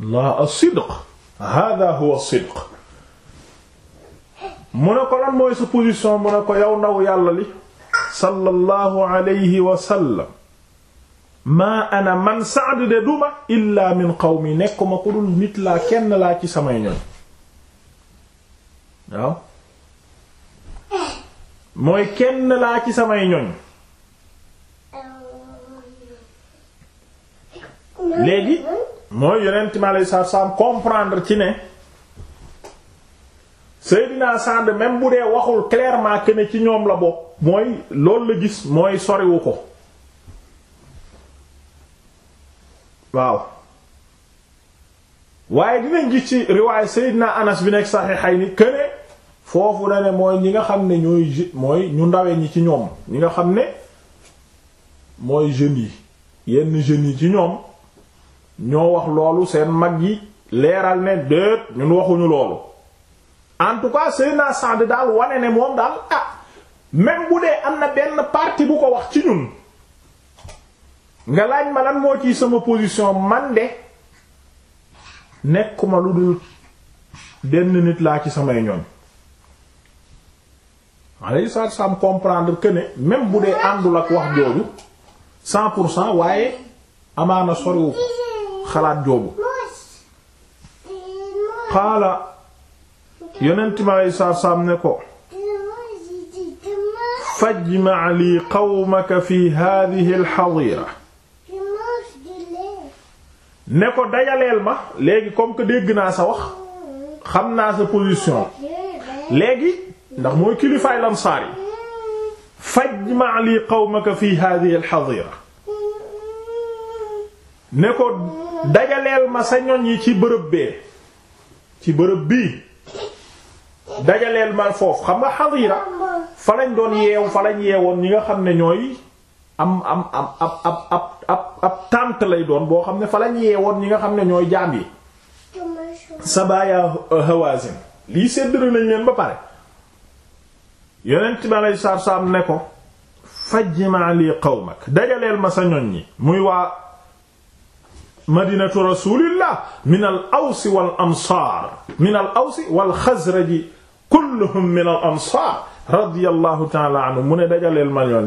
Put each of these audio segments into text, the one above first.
la as-sidq huwa as-sidq ko lan mooy sa position mu ko yow ndaw yàlla li sallallahu alayhi wa sallam maa ana man Saad de duma illaa min qawmi nekkuma ku dul nit laa kenn laa ci samay ñoñ waaw mooy kenn laa ci samay ñoñ mooy yeneen mi alayhi salaatu salaam comprendre ci ne Seydina Sa'd même bu dee waxul clairement que ci ñoom la bokk mooy loolu la gis mooy soriwu ko waaw waaye dinañ gis ci riwaay Seydina Anas bi nekk saxiixay ni que foofu da ne mooy ñi nga xam ne ñooy mooy ñu ndawe ñi ci ñoom ñi nga xam ne mooy jeunes yi yenn jeunes yi ci ñoom ñoo wax loolu seen mag yi leeral ne déet ñun waxuñu loolu en tout cas Seydina daal wane ne moom daal ah même bu dee am na benn parti bu ko wax ci ñun nga laaj ma lan moo ci sama position man de nekkuma lu dul benn nit laa ci samay ñoñ alayhi salaam comprendre que ne même bu dee àndul ak wax jooju cent pour cent waaye amaana soriwu ko xalaat joobu xaala yonent mi aleyhi salaatu ko fajma lii qawmaka fi haadihi alxadira ne ko dajaleel ma léegi comme que dégg naa sa wax xam naa sa position léegi ndax mooy kilifaay lamsaar yi fajma lii qawmaka fi haadihi alxadira ne ko dajaleel ma sa ñoñ yi ci bërëb bee ci bërëb bii dajaleel ma foofu xam nga xadira fa lañ doon yeew fa lañ yeewoon ñi nga xam ne ñooy am am tànt lay doon boo xam ne fa lañ ñi nga xam ne ñooy jaam yi sabaaya hawazin lii séddale nañ leen ba pare yonent bi aleyhi salaatu ne ko fajma li qawmak dajaleel ma sa ñoñ ñi muy waa madinatu rasulillah min al awsi wal ansaar min al awsi wal xasraji kulluhum min al ansaar radiyallahu taala anhu mu ne dajaleel ma ñoon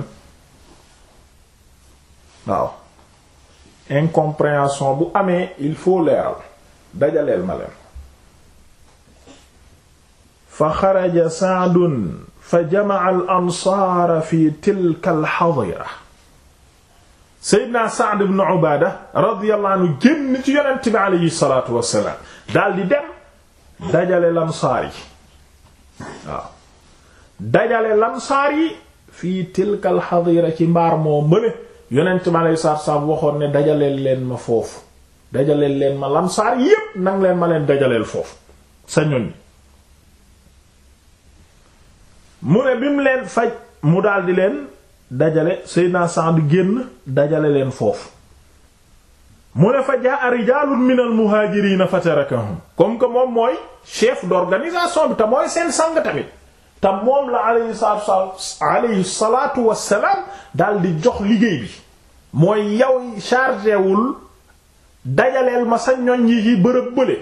waaw incompréhension bu amee il faut leeral dajaleel ma leen fa xaraja Sa'dun fa jama'a al ansaar fi tilka al hadira Seydina Sa'd ibn Ubaada radiyallahu anhu génn ci yonent bi alayhi salaatu wassalaam daal di dem dajale lamsaar yi waaw dajale lamsaar yi fii tilkal xadira ci mbaar moo mëne yonent bi alayhi salaatu wassalaam waxoon ne dajaleel leen ma foofu dajaleel leen ma lamsaar yépp nang leen ma leen dajaleel foofu sa ñoñ mu ne bi mu leen faj mu daldi leen dajale Seydina Sa'd génn dajale leen foofu mu ne fa jaa rijaalun min al muhaajiriina fatarakahum comme que moom mooy chef d'organisation bi te mooy seen sang tamit te moom la alayhi salaatu alayhi salaatu wassalaam daal di jox liggéey bi mooy yow chargé wul dajaleel ma sa ñoñ yi yi bërëb bële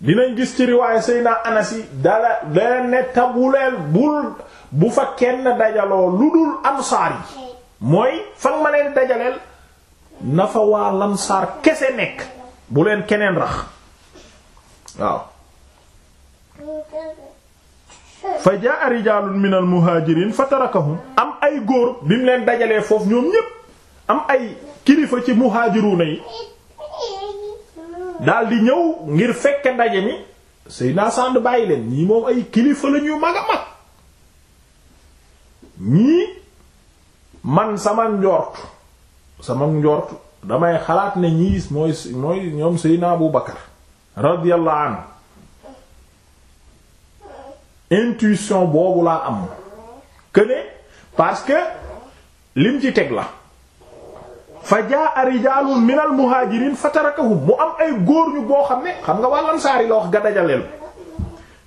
dinañ gis ci riwaayu Seydina Anas yi dala leen ne tabuleel bul bu fa kenn dajaloo lu dul ansaar yi mooy fa nga ma leen dajaleel na fa waa lansaar kese nekk bu leen keneen rax waaw fa jaa rijaalun min muhaajiriin fa tarakahum am ay góor bi mu leen dajalee foofu ñoom ñépp am ay kilifa ci muhaajiruuna yi daldi ñëw ngir fekk ndaje mi Seydina Sa'd bàyyi leen ñii moom ay kilifa lañuy mag a mag ñii man sama njort sama njort damay xalaat na ñii mooy mooy ñoom Seydina Abu Bakar radiyallahu anhu intuition boobu laa am que ne parce que lim ci teg la fa jaa rijaalun min al muhaajiriin fa tarakahum mu am ay góor ñu boo xam ne xam nga wàllan saar yi la wax ga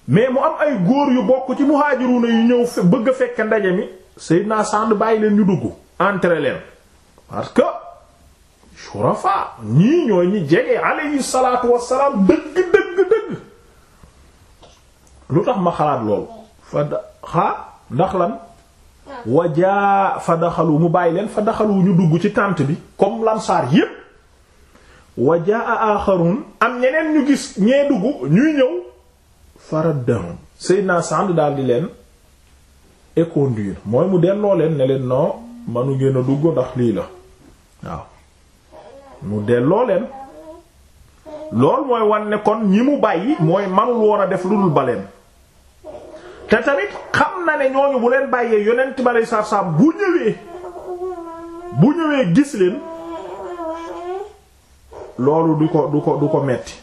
mais mu am ay góor yu bokk ci muhaajiruuna yu ñëw bëgg a fekk ndaje mi naa Sa'd bàyyi leen ñu dugg entre leen parce que shurafa ñii ñooy ñi jege alayhi wassalaam dëgg dëgg dëgg lu tax ma xalaat loolu fa xaa ndax lan wajaa fa daxalu mu bàyyi leen fa wu ñu dugg ci tànt bi comme lansaar yépp wajaa a aaxarun am ñeneen ñu gis ñee dugg ñuy ñëw faraddahum Seydina Sa'd daal di leen et mooy mu delloo leen ne leen non manu ngeen a dugg ndax lii la waaw mu delloo leen loolu mooy wan ne kon ñi mu bàyyi mooy manul woon a def lu dul baleen te tamit xam na ne ñooñu bu leen bàyyee yonent ba lay bu ñëwee bu ñëwee gis leen loolu du ko du ko du ko metti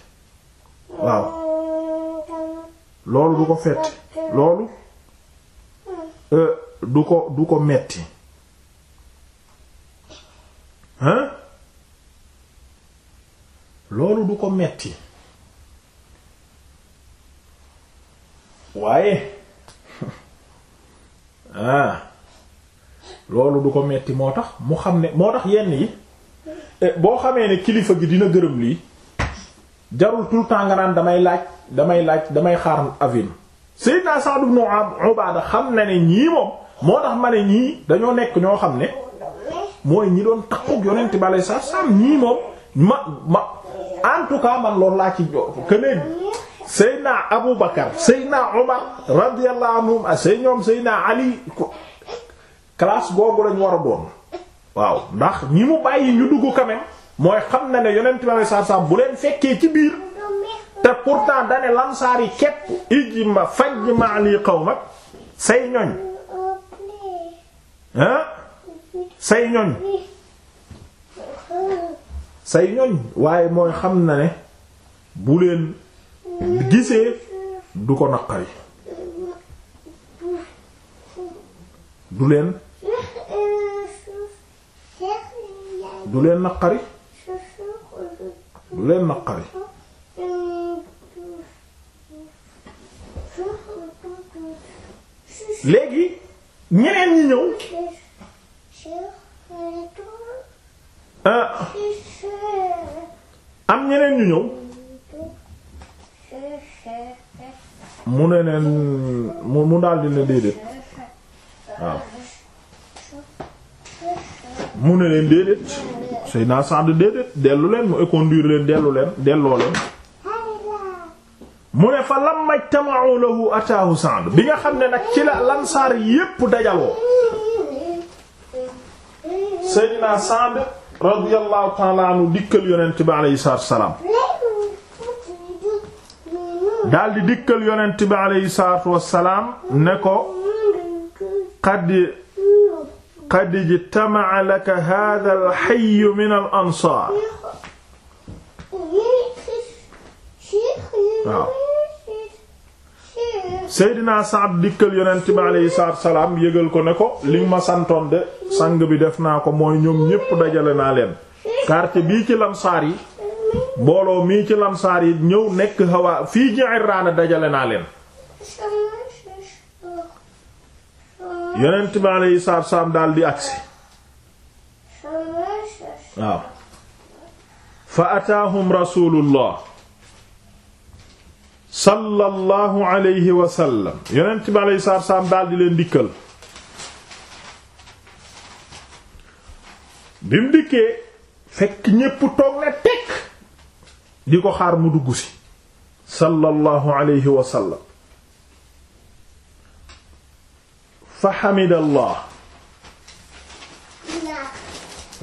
waaw loolu du ko fetti loolu Euh, du ko du ko metti hein loolu du ko metti waaye ah loolu du ko metti moo tax mu xam ne moo tax yenn yi eh, boo xamee ne kilifa gi dina gërëm lii jarul tout le temps nga naan damay laaj damay laaj damay xaar avim Seydina Sa'd ibn Ubaada xam na ne ñii moom moo tax ma ne ñii dañoo nekk ñoo xam ne mooy ñi doon takkook yonent bi alayhi salaam ñii moom ma ma en tout cas man loolu laa ci jox que ne Seydina Abu Bakar Seydina Umar radiyallahu anhum ak say ñoom Seydina Ali classe googu lañ war a doon waaw ndax ñi mu bàyyi ñu dugg quand mooy xam na ne yonent bi alayhi salaam bu leen fekkee ci biir. te pourtant dane lamsaar yi képp ijma faj ma lii qawmak say say ñoñ say ñoñ waaye mooy xam na ne bu leen gisee du ko naqari du leen du leen naqari du leen naqari léegi ñeneen ñi ñëw ah. am ñeneen ñu ñëw mu ne neen mu daal di ne déedéet waaw mu ne leen déedéet Seydina Sa'd déedéet dellu leen mu éconduire leen dellu leen delloo leen mu ne fa lamma ijtama'u lahu ataahu Sa'd bi nga xam ne nag ci la lansaar yépp dajaloo Seydina Sa'd radiyallahu ta'ala anhu dikkal yonent bi alayhi salaam daldi dikkal yonent bi alayhi salaatu wassalaam ne ko qad qad ijtama'a laka haadha al-hayy min al-ansaar waaw Seydina Saad dikkal yonent bi aleyhi salaatu salaam yëgal ko ne ko li ma santoon de sang bi def naa ko mooy ñoom ñépp dajale naa leen quartier bii ci lamsaar yi mbooloo mii ci lamsaar yi ñëw nekk Hawa fii Ji'irraana dajale naa leen yonent bi sa salaatu salaam daal agsi waaw sallallahu alayhi wa sallam yonent bi daal di leen dikkal bi mu dikkee fekk ñépp toog na di ko xaar mu dugg si sallallahu alayhi wa sallam fa hamidallah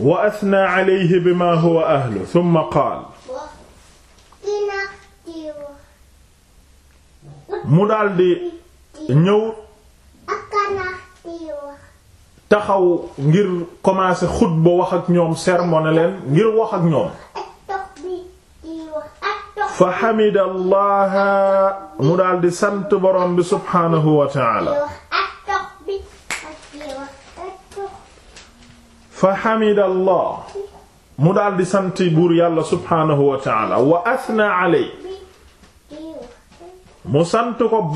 wa athna alayhi bima huwa ahlu thumma qaala mu daldi ñëw taxaw ngir commencer xutba wax ak ñoom sermon leen ngir wax ak ñoom fa xamida mu daldi sant borom bi subhaanahu wa taala fa xamida allah mu daldi santi buur yàlla subhaanahu wa taala wa athna alay mu sant ko ko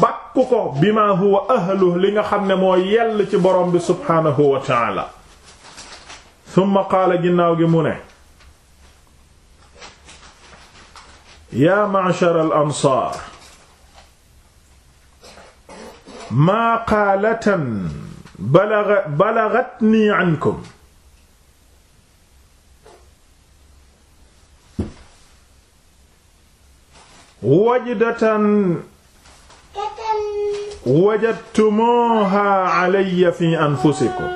bima huwa ahluh li nga xam ne moo yell ci borom bi subhaanahu wa taala summa qaala ginnaaw gi mu ne yaa ma'shar al ansaar maa ankum wajdatan wajadtumuha alayya fi anfusikum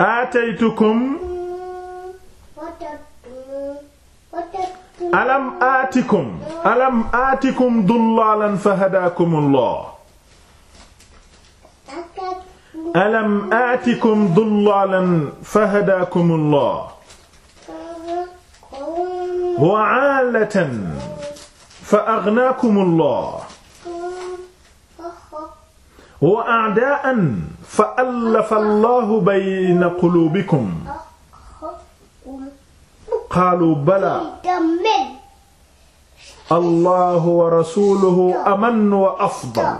aataytukum alam aatikum alam aatikum dullaalan fahadaakumullah alam aatikum dullaalan fahadaakumullaah wa aalatan fa agnaakumullaah wa a'daa'an fa allafa allaahu bayna quluubikum qaaluu balaa allaahu wa rasuuluhu amanna wa afdal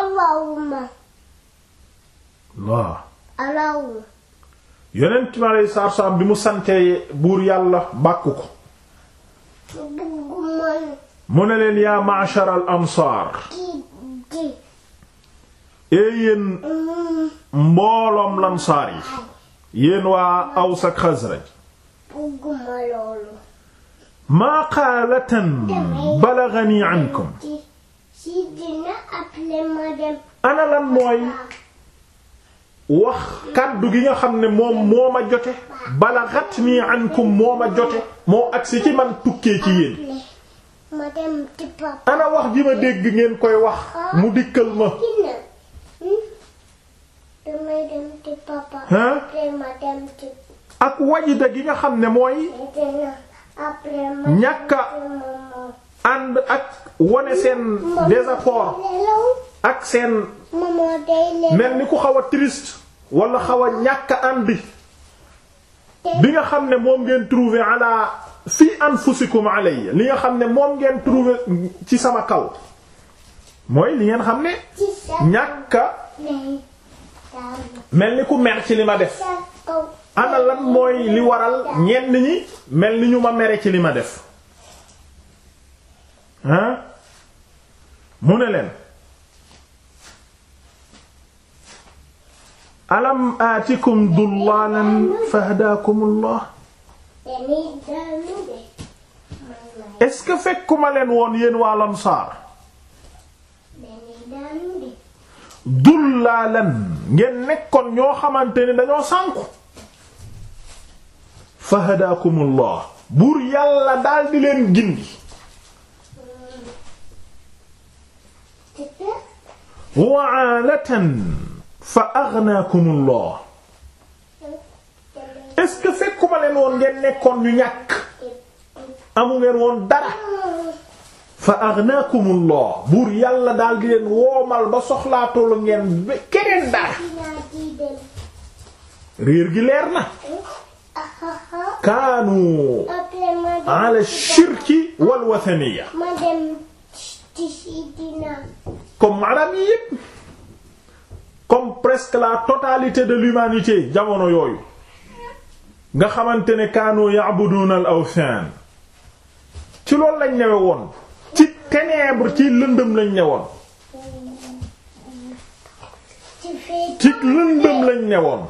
allahumma bi mu sante buur yàlla bàkku ko mu ne leen yaa ma'shar al ansaar yéen mm. mbooloom lansaar yi yéen waa Aws ak maa qaalatan balaghanii ankum si mooy wax kàddu gi nga xam ne moom moo ma jote balaghat ni ankum moo ma jote moo agsi ci man tukkee ci yéen. ana wax ji ma dégg ngeen koy wax mu dikkal ma. Hmm? ak wajida gi nga xam ne mooy ñàkka ànd ak wane seen désaccord ak seen mel ni ku xaw a triste wala xaw a ñàkk àndi bi nga xam ne moom ngeen trouver ala fi anfusikum alayya li nga xam ne moom ngeen trouver ci sama kaw mooy li ngeen xam ne ñàkka mel ni ku mer ci li ma def ana lan mooy li waral ñenn ñi mel ni ñu ma mere ci li ma def hein mu ne leen alam aatikum dullaalan fahdaakumullah est-ce que fekkuma leen woon yéen waa Ansaar dullaalan ngeen nekkoon ñoo xamante ne dañoo sànku fahdaakumullah buur yàlla daldi leen gindi wa'alatan fa aghnaakumullah est-ce que fekkuma leen woon ngeen nekkoon ñu ñàkk amu ngeen woon dara fa aghnaakumullah buur yàlla daal di leen woomal ba soxlaatolu ngeen keneen dara réer gi leer na kaanu ala shirki wal wathaniya comme maanaam yi yépp comme presque la totalité de l'humanité jamono yooyu nga xamante ne kaanu ya'buduna al-awthan ci loolu lañ newe woon ci ténèbre ci lëndëm lañ ne lañ ne woon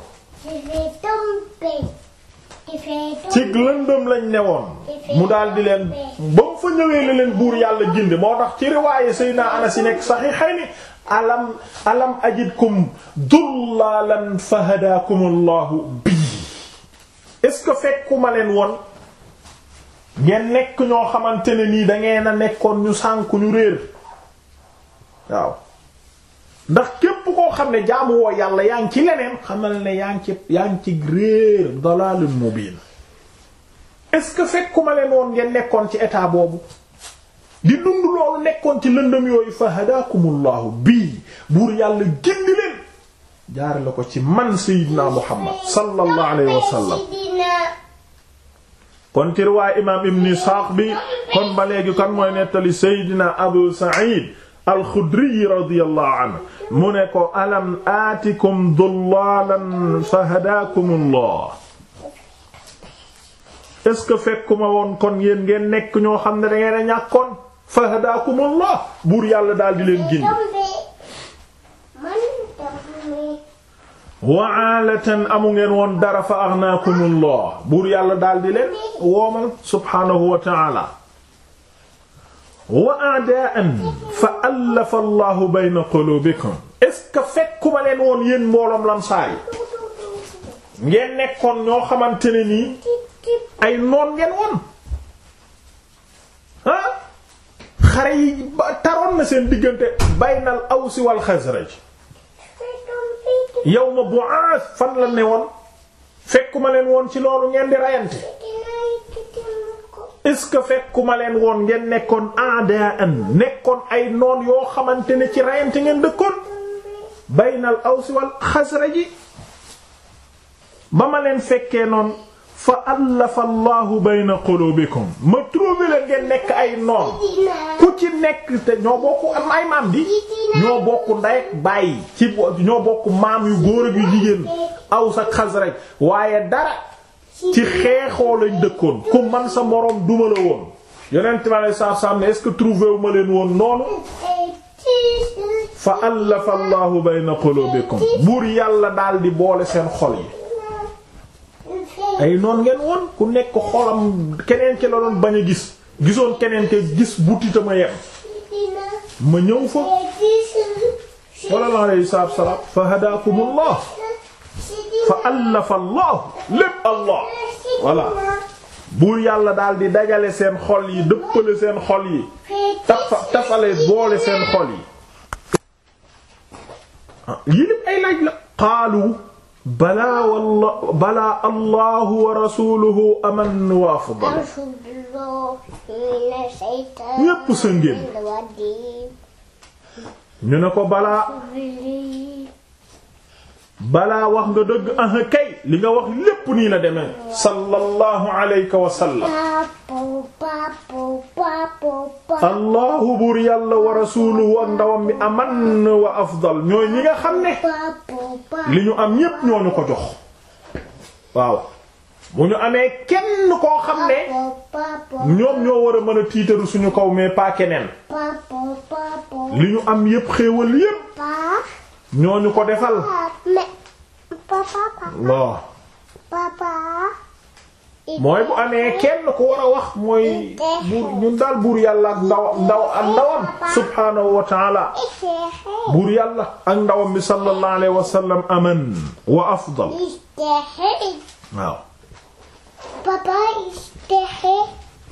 cig lëndëm lañ woon mu daal di leen ba mu fa ñëwee la leen buur yàlla gindi moo tax ci riwaaye Seydina Anas yi nekk saxiixayni alam alam ajidkum dullaalan fahadaakumullahu bi est-ce que fekkuma leen woon ngeen nekk ñoo xamante ne nii da ngeen a nekkoon ñu sànk ñu réer waaw ndax képp koo xam ne jaamu woo yàlla yaa ngi ci leneen xamal ne yaa ngi ci yaa ngi ci réer dalaalul mubiin est-ce que fekkuma leen woon ngeen nekkoon ci état boobu di dund loolu nekkoon ci lëndëm yooyu fa hadaakumullahu bii buur yàlla gindi leen jaare ko ci man sayyidina muhammad sallallahu alayhi wa kon ci riwaaya imaam ibn Isaaq bi kon ba léegi kan mooy nettali sayyidina abu sa'id alxudriyi radiyallahu anhu mu ne ko alam aatikum dullaalan fa hadaakumullah est-ce que fekkuma woon kon yéen ngeen nekk ñoo xam ne da ngeen a ñàkkoon fa hadaakumullah buur yàlla daal di leen gindi waalatan amu ngeen woon dara fa aghnaakumullah buur yàlla daal di leen subhaanahu wa ta'ala wa a'da'an fa allafa allahu bayna qulubikum est-ce que fekkuma leen woon yéen mbooloom lamsaar yi ngeen nekkoon ñoo xamante ne nii ay noon ngeen woon ah xare yi taroon na seen diggante baynal aws wal xasraj yawma bu'ath fan la ne woon fekkuma leen woon ci loolu ngeen di rayante est-ce que fekkuma leen woon ngeen nekkoon aadaan nekkoon ay noon yoo xamante ne ci rayante ngeen dëkkoon baynal aws wal xasraji ba ma leen fekkee noon fa allafa allahu bayna qulubikum ma trouvé ngeen nekk ay noon ku ci nekk te ñoo bokk ay maam di ñoo bokk ndey ak baay ci ñoo bokk maam yu góor ak yu jigéen aws ak xasraj waaye dara ci xeexoo lañ dëkkoon ku man sa moroom duma la woon yonent bi alei saatu salaam ne est ma leen woon noonu fa allafa allahu bayna qulubikum buur yàlla daal di boole seen xol yi ay noon ngeen woon ku nekk xolam keneen ki la doon bañ a gis gisoon keneen ke gis butita ma yem ma ñëw fa salaam fa hadaakumullah fa allafa allah lépp allah buur yàlla daal di dajale seen xol yi dëppale seen xol yi tafa boole seen xol yi ah, yi lépp ay laaj la qaalu balaa walla wa rasuluhu aman wa afdal ñépp sa ngeen ñu ne ko balaa balaa wax nga dëgg ah kay li nga wax lépp nii la demee sallallahu alayhi wa sallam allahu buur yàlla wa rasuluhu ak ndawam bi aman wa afdal ñooy ñi nga xam ne li ñu am ñépp ñoo ñu ko jox waaw bu ñu amee kenn koo xam ne ñoom ñoo war a mën a tiitaru suñu kaw mais pas keneen li ñu am yépp xéewal yépp ñooñu ko defal loo mooy bu amee kenn ku war a wax mooy buur ñun daal buur yàlla ak ndawam subhaanahu wa taala buur yàlla ak ndawam bi sallallahu alayhi wa sallam aman wa afdal waaw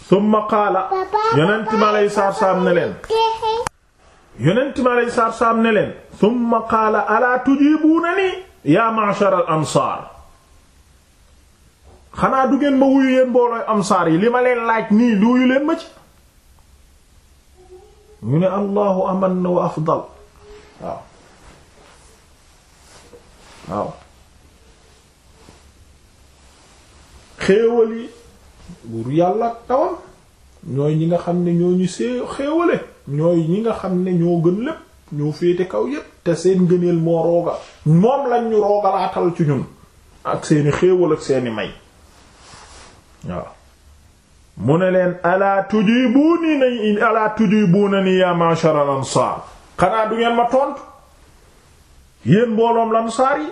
summa qaala yeneen ma lay saar ne leen yonent mi aleyhi salaatu salaam ne leen thumma qaala alaa tujiibuunani yaa ma'shar al xanaa du ngeen ma wuyu yéen mboolooy ansaar yi li ma leen laaj nii lu wuyu leen ma ci ñu ne allahu amanna wa afdal waaw waaw xéewal yi buur yàlla tawam ñooy ñi nga xam ne ñoo ñu see xéewale ñooy ñi nga xam ne ñoo gën lépp ñoo féete kaw yépp te seen ngëneel moo rooga moom lañ ñu roogalaatal ci ñun ak seeni xéewal ak seeni may waaw mu ne leen alaa tujibuuni ni alaa tujibuuna ni ya ma'shar ansaar xanaa du ngeen ma tontu yéen mbooloom lansaar yi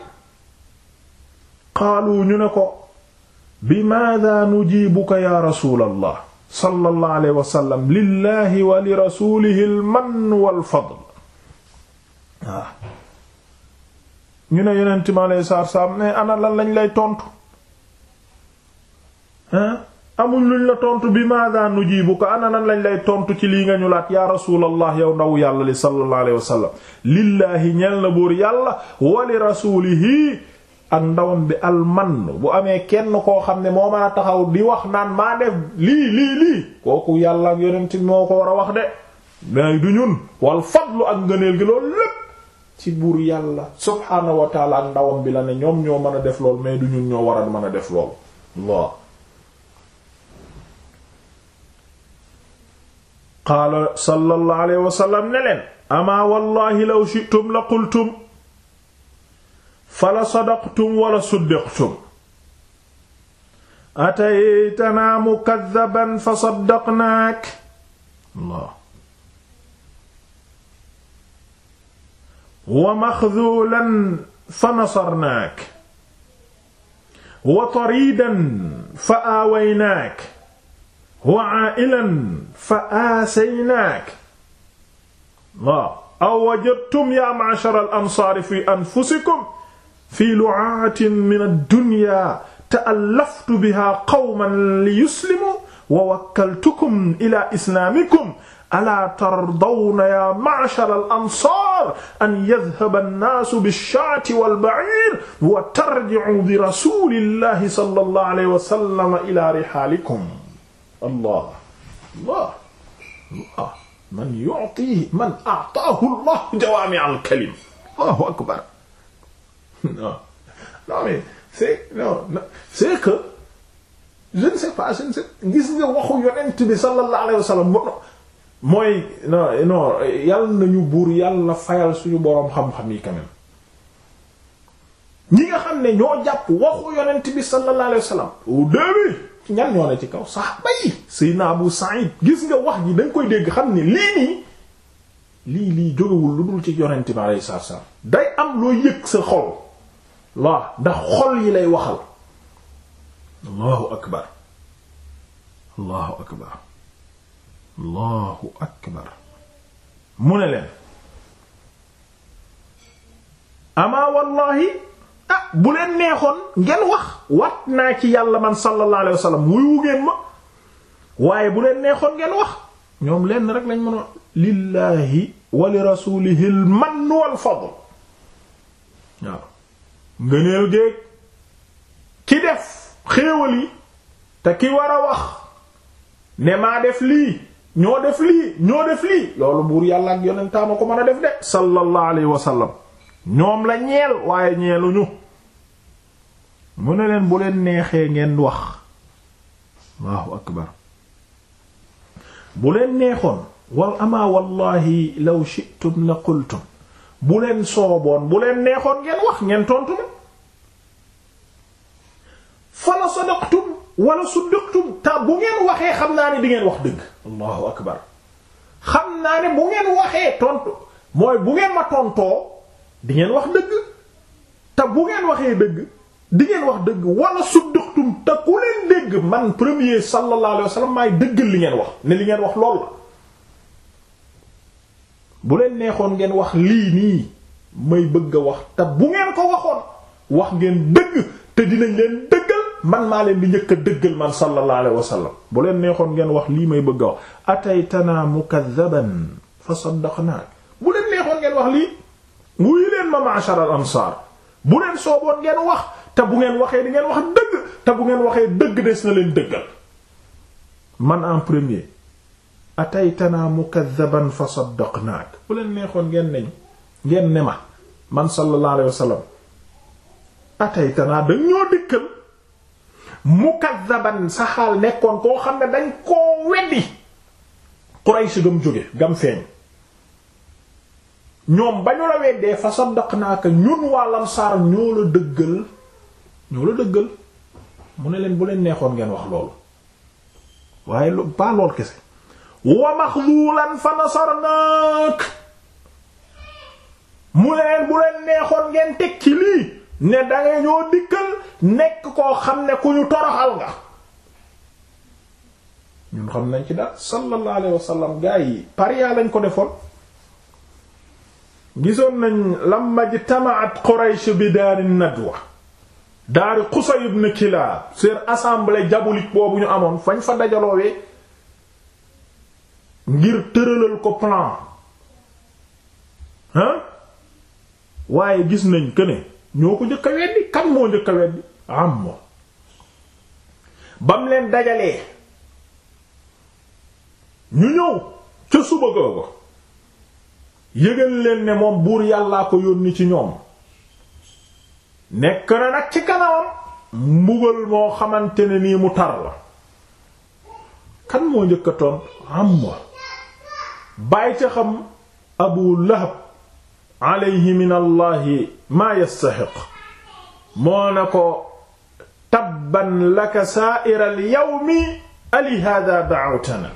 qaalu ñu ne ko bi maada nujibuka ya rasulallah sallallahu alayhi wa sallam lillahi wa li rasulihi al man wal fadl waaw ah. ñu ne yonent mi alayhi salaatu salaam ne ana lan lañ lay tontu amuñ luñ tontu bi maada nujibu ko ana lan lañ lay tontu ci lii nga ñu laat yaa rasulallah yow ndaw yàlla li sallallahu alayhi wa sallam ñeel na buur yàlla wa li ak ndawam bi almann bu amee kenn koo xam ne moo mën a taxaw di wax naan maa def lii lii lii kooku yàlla ak yonent moo ko war a wax de mais du ñun wal fadlu ak ngëneel gi loolu lépp ci buur yàlla subhaanahu wa taala ak ndawam bi la ne ñoom ñoo mën a def lool mais du ñun ñoo war a mën a def lool waaw qaala sallallahu alayhi wa sallam ne leen ama wallahi law shi'tum la qultum fala sadaqtum wala suddiqtum ataytanaa mukaddaban fa saddaqnaak Allah wa maxduulan fa nasarnaak wa tariidan fa aawaynaak wa aa'ilan fa aasaynaak Allah aw wajadtum yaa ma'shara al-ansaari fi anfusikum fii lu'aatin min ad-dunya ta'allaftu biha qawman li yuslimu wa wakkaltukum ila islaamikum alaa tardawna yaa ma'shar al-ansaar an yadhhaba an-naasu bish-shaati wal-ba'iir wa tarji'uu bi rasuulillaahi sallallahu alayhi wa sallam ilaa rihaalikum. Allah Allah Allah man yu'tiihi man a'taahu Allahu jawaami'al kalim. Allahu akbar. non non mais c'est non que je ne sais pas je ne sais gis nga waxu yonent bi sallallahu alayhi mooy non non yàlla nañu buur yàlla fayal suñu boroom xam-xam yi quand ñi nga xam ne ñoo jàpp waxu yonent bi sallallahu alayhi wa sallam au début ñoo ne ci kaw saxaba yi Seydina Abu Sa'id gis nga wax ji dañ koy dégg xam ne lii nii lii lii jógewul lu dul ci yonent bi alayhi salaam day am loo yëg sa xol waaw ndax xol yi lay waxal allahu akbar allahu akbar allahu akbar mu ne leen ama wallahi ah bu leen neexoon ngeen wax wat naa ci yàlla man sallallahu alayhi wa sallam wuyu ma waaye bu leen neexoon ngeen wax ñoom lenn rek lañ mënoon lillahi wa li rasulihi al mann wal waaw ngëneel géeg ki def xéewal yi te ki war a wax ne maa def lii ñoo def lii ñoo def lii loolu buur yàlla ak yonentaama ko mën a def de sallallahu alayhi wa sallam ñoom la ñeel waaye ñeeluñu mu ne leen bu leen neexee ngeen wax allahu bu leen neexoon wal ama wallahi law shi'tum la qultum bu leen sooboon bu leen neexoon ngeen wax ngeen tontu ma fala sadaqtum wala suddaqtum ta bu ngeen waxee xam naa ne di ngeen wax dëgg allahu akbar xam naa ne bu ngeen waxee tontu mooy bu ngeen ma tontoo di ngeen wax dëgg te bu ngeen waxee dëgg di ngeen wax dëgg wala suddaqtum te ku leen dëgg man premier sallallahu alayhi wasallam maay dëggal li ngeen wax ne li ngeen wax loolu la bu leen neexoon ngeen wax lii nii may bëgg a wax te bu ngeen ko waxoon wax ngeen dëgg te dinañ leen dëggal man maa leen di njëkk a dëggal man sallallahu alayhi wasallam bu leen neexoon ngeen wax lii may bëgg a wax ataytana mukaddaban fa saddaqnaak bu leen neexoon wax lii wuyu leen ma ma'shar al ansaar bu leen sooboon ngeen wax te bu ngeen waxee di ngeen wax dëgg te bu ngeen waxee dëgg des na leen dëggal en premier ataytanaa mukazzaban fa saddaqnaak bu leen neexoon ngeen ne ngeen ne ma man sallallahu alayhi wasallam ataytanaa dañ ñoo dikkal mukazzaban sa nekkoon koo xam ne dañ koo weddi Quraysh gam jóge gam feeñ ñoom ba ñu la weddee fa saddaqnaaka ñun waa lamsaar ñoo la dëggal ñoo la dëggal mu ne leen bu leen neexoon ngeen wax loolu waaye lu baa lool kese wa maxluulan fa nasarnaak mu leen bu leen neexoon ngeen teg ci lii ne dangay ñoo dikkal nekk koo xam ne ku ñu toroxal nga ñun xam nañ ci daal sallallahu alayhi wasallam gaa yi pariyaa lañ ko defoon gisoon nañ lamma jtama'at Quraysh bi daari nadwa daari Qusay ibn Kilaab seen assemblée diabolique boobu ñu amoon fañ fa dajaloowee ngir tëralal ko plan ah waaye gis nañ que ne ñoo ko njëkk weddi kan moo njëkk weddi am moom bam leen dajalee ñu ñëw ca suba googu yëgal leen ne moom buur yàllaa ko yónni ci ñoom nekk na nag ci kanamam mbugal moo xamante ne nii mu tar la kan moo njëkk a tontu bàyyi ca xam abu lahab alayhi min allahi yastaxiq moo na ko tabban laka saa'ira al yawmi ali hada da'awtana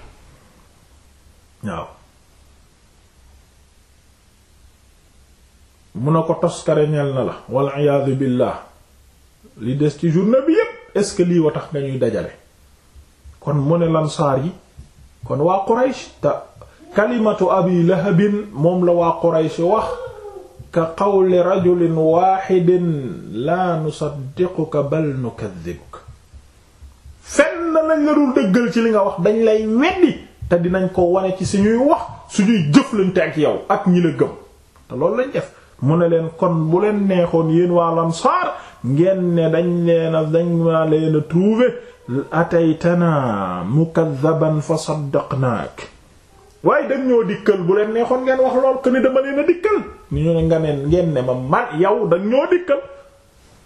waaw na ko toskare ñeel na la wal iyaadu li des ci journée bi yépp est ce que lii wa tax nga ñuy dajale kon mu ne lansaar yi kon waa Quraysh kalimatu abi lahabin moom la waa quraysh wax ka qawli rajulin waaxidin laa nusaddiquka bal nukaddibuka fenn lañ la dul dëggal ci li nga wax dañ lay weddi te dinañ ko wane ci suñuy wax suñuy jëflante ak yow ak ñi la gëm te loolu lañ def mu ne leen kon bu leen neexoon yéen waa lansaar ngeen ne dañ leena dañ maa leena trouver ataytana mukaddaban fa saddaqnaak waaye dañ ñoo dikkal bu leen neexoon ngeen wax lool que ni dama leen a dikkal ñu ne nga ngeen ne ma man yow dañ ñoo dikkal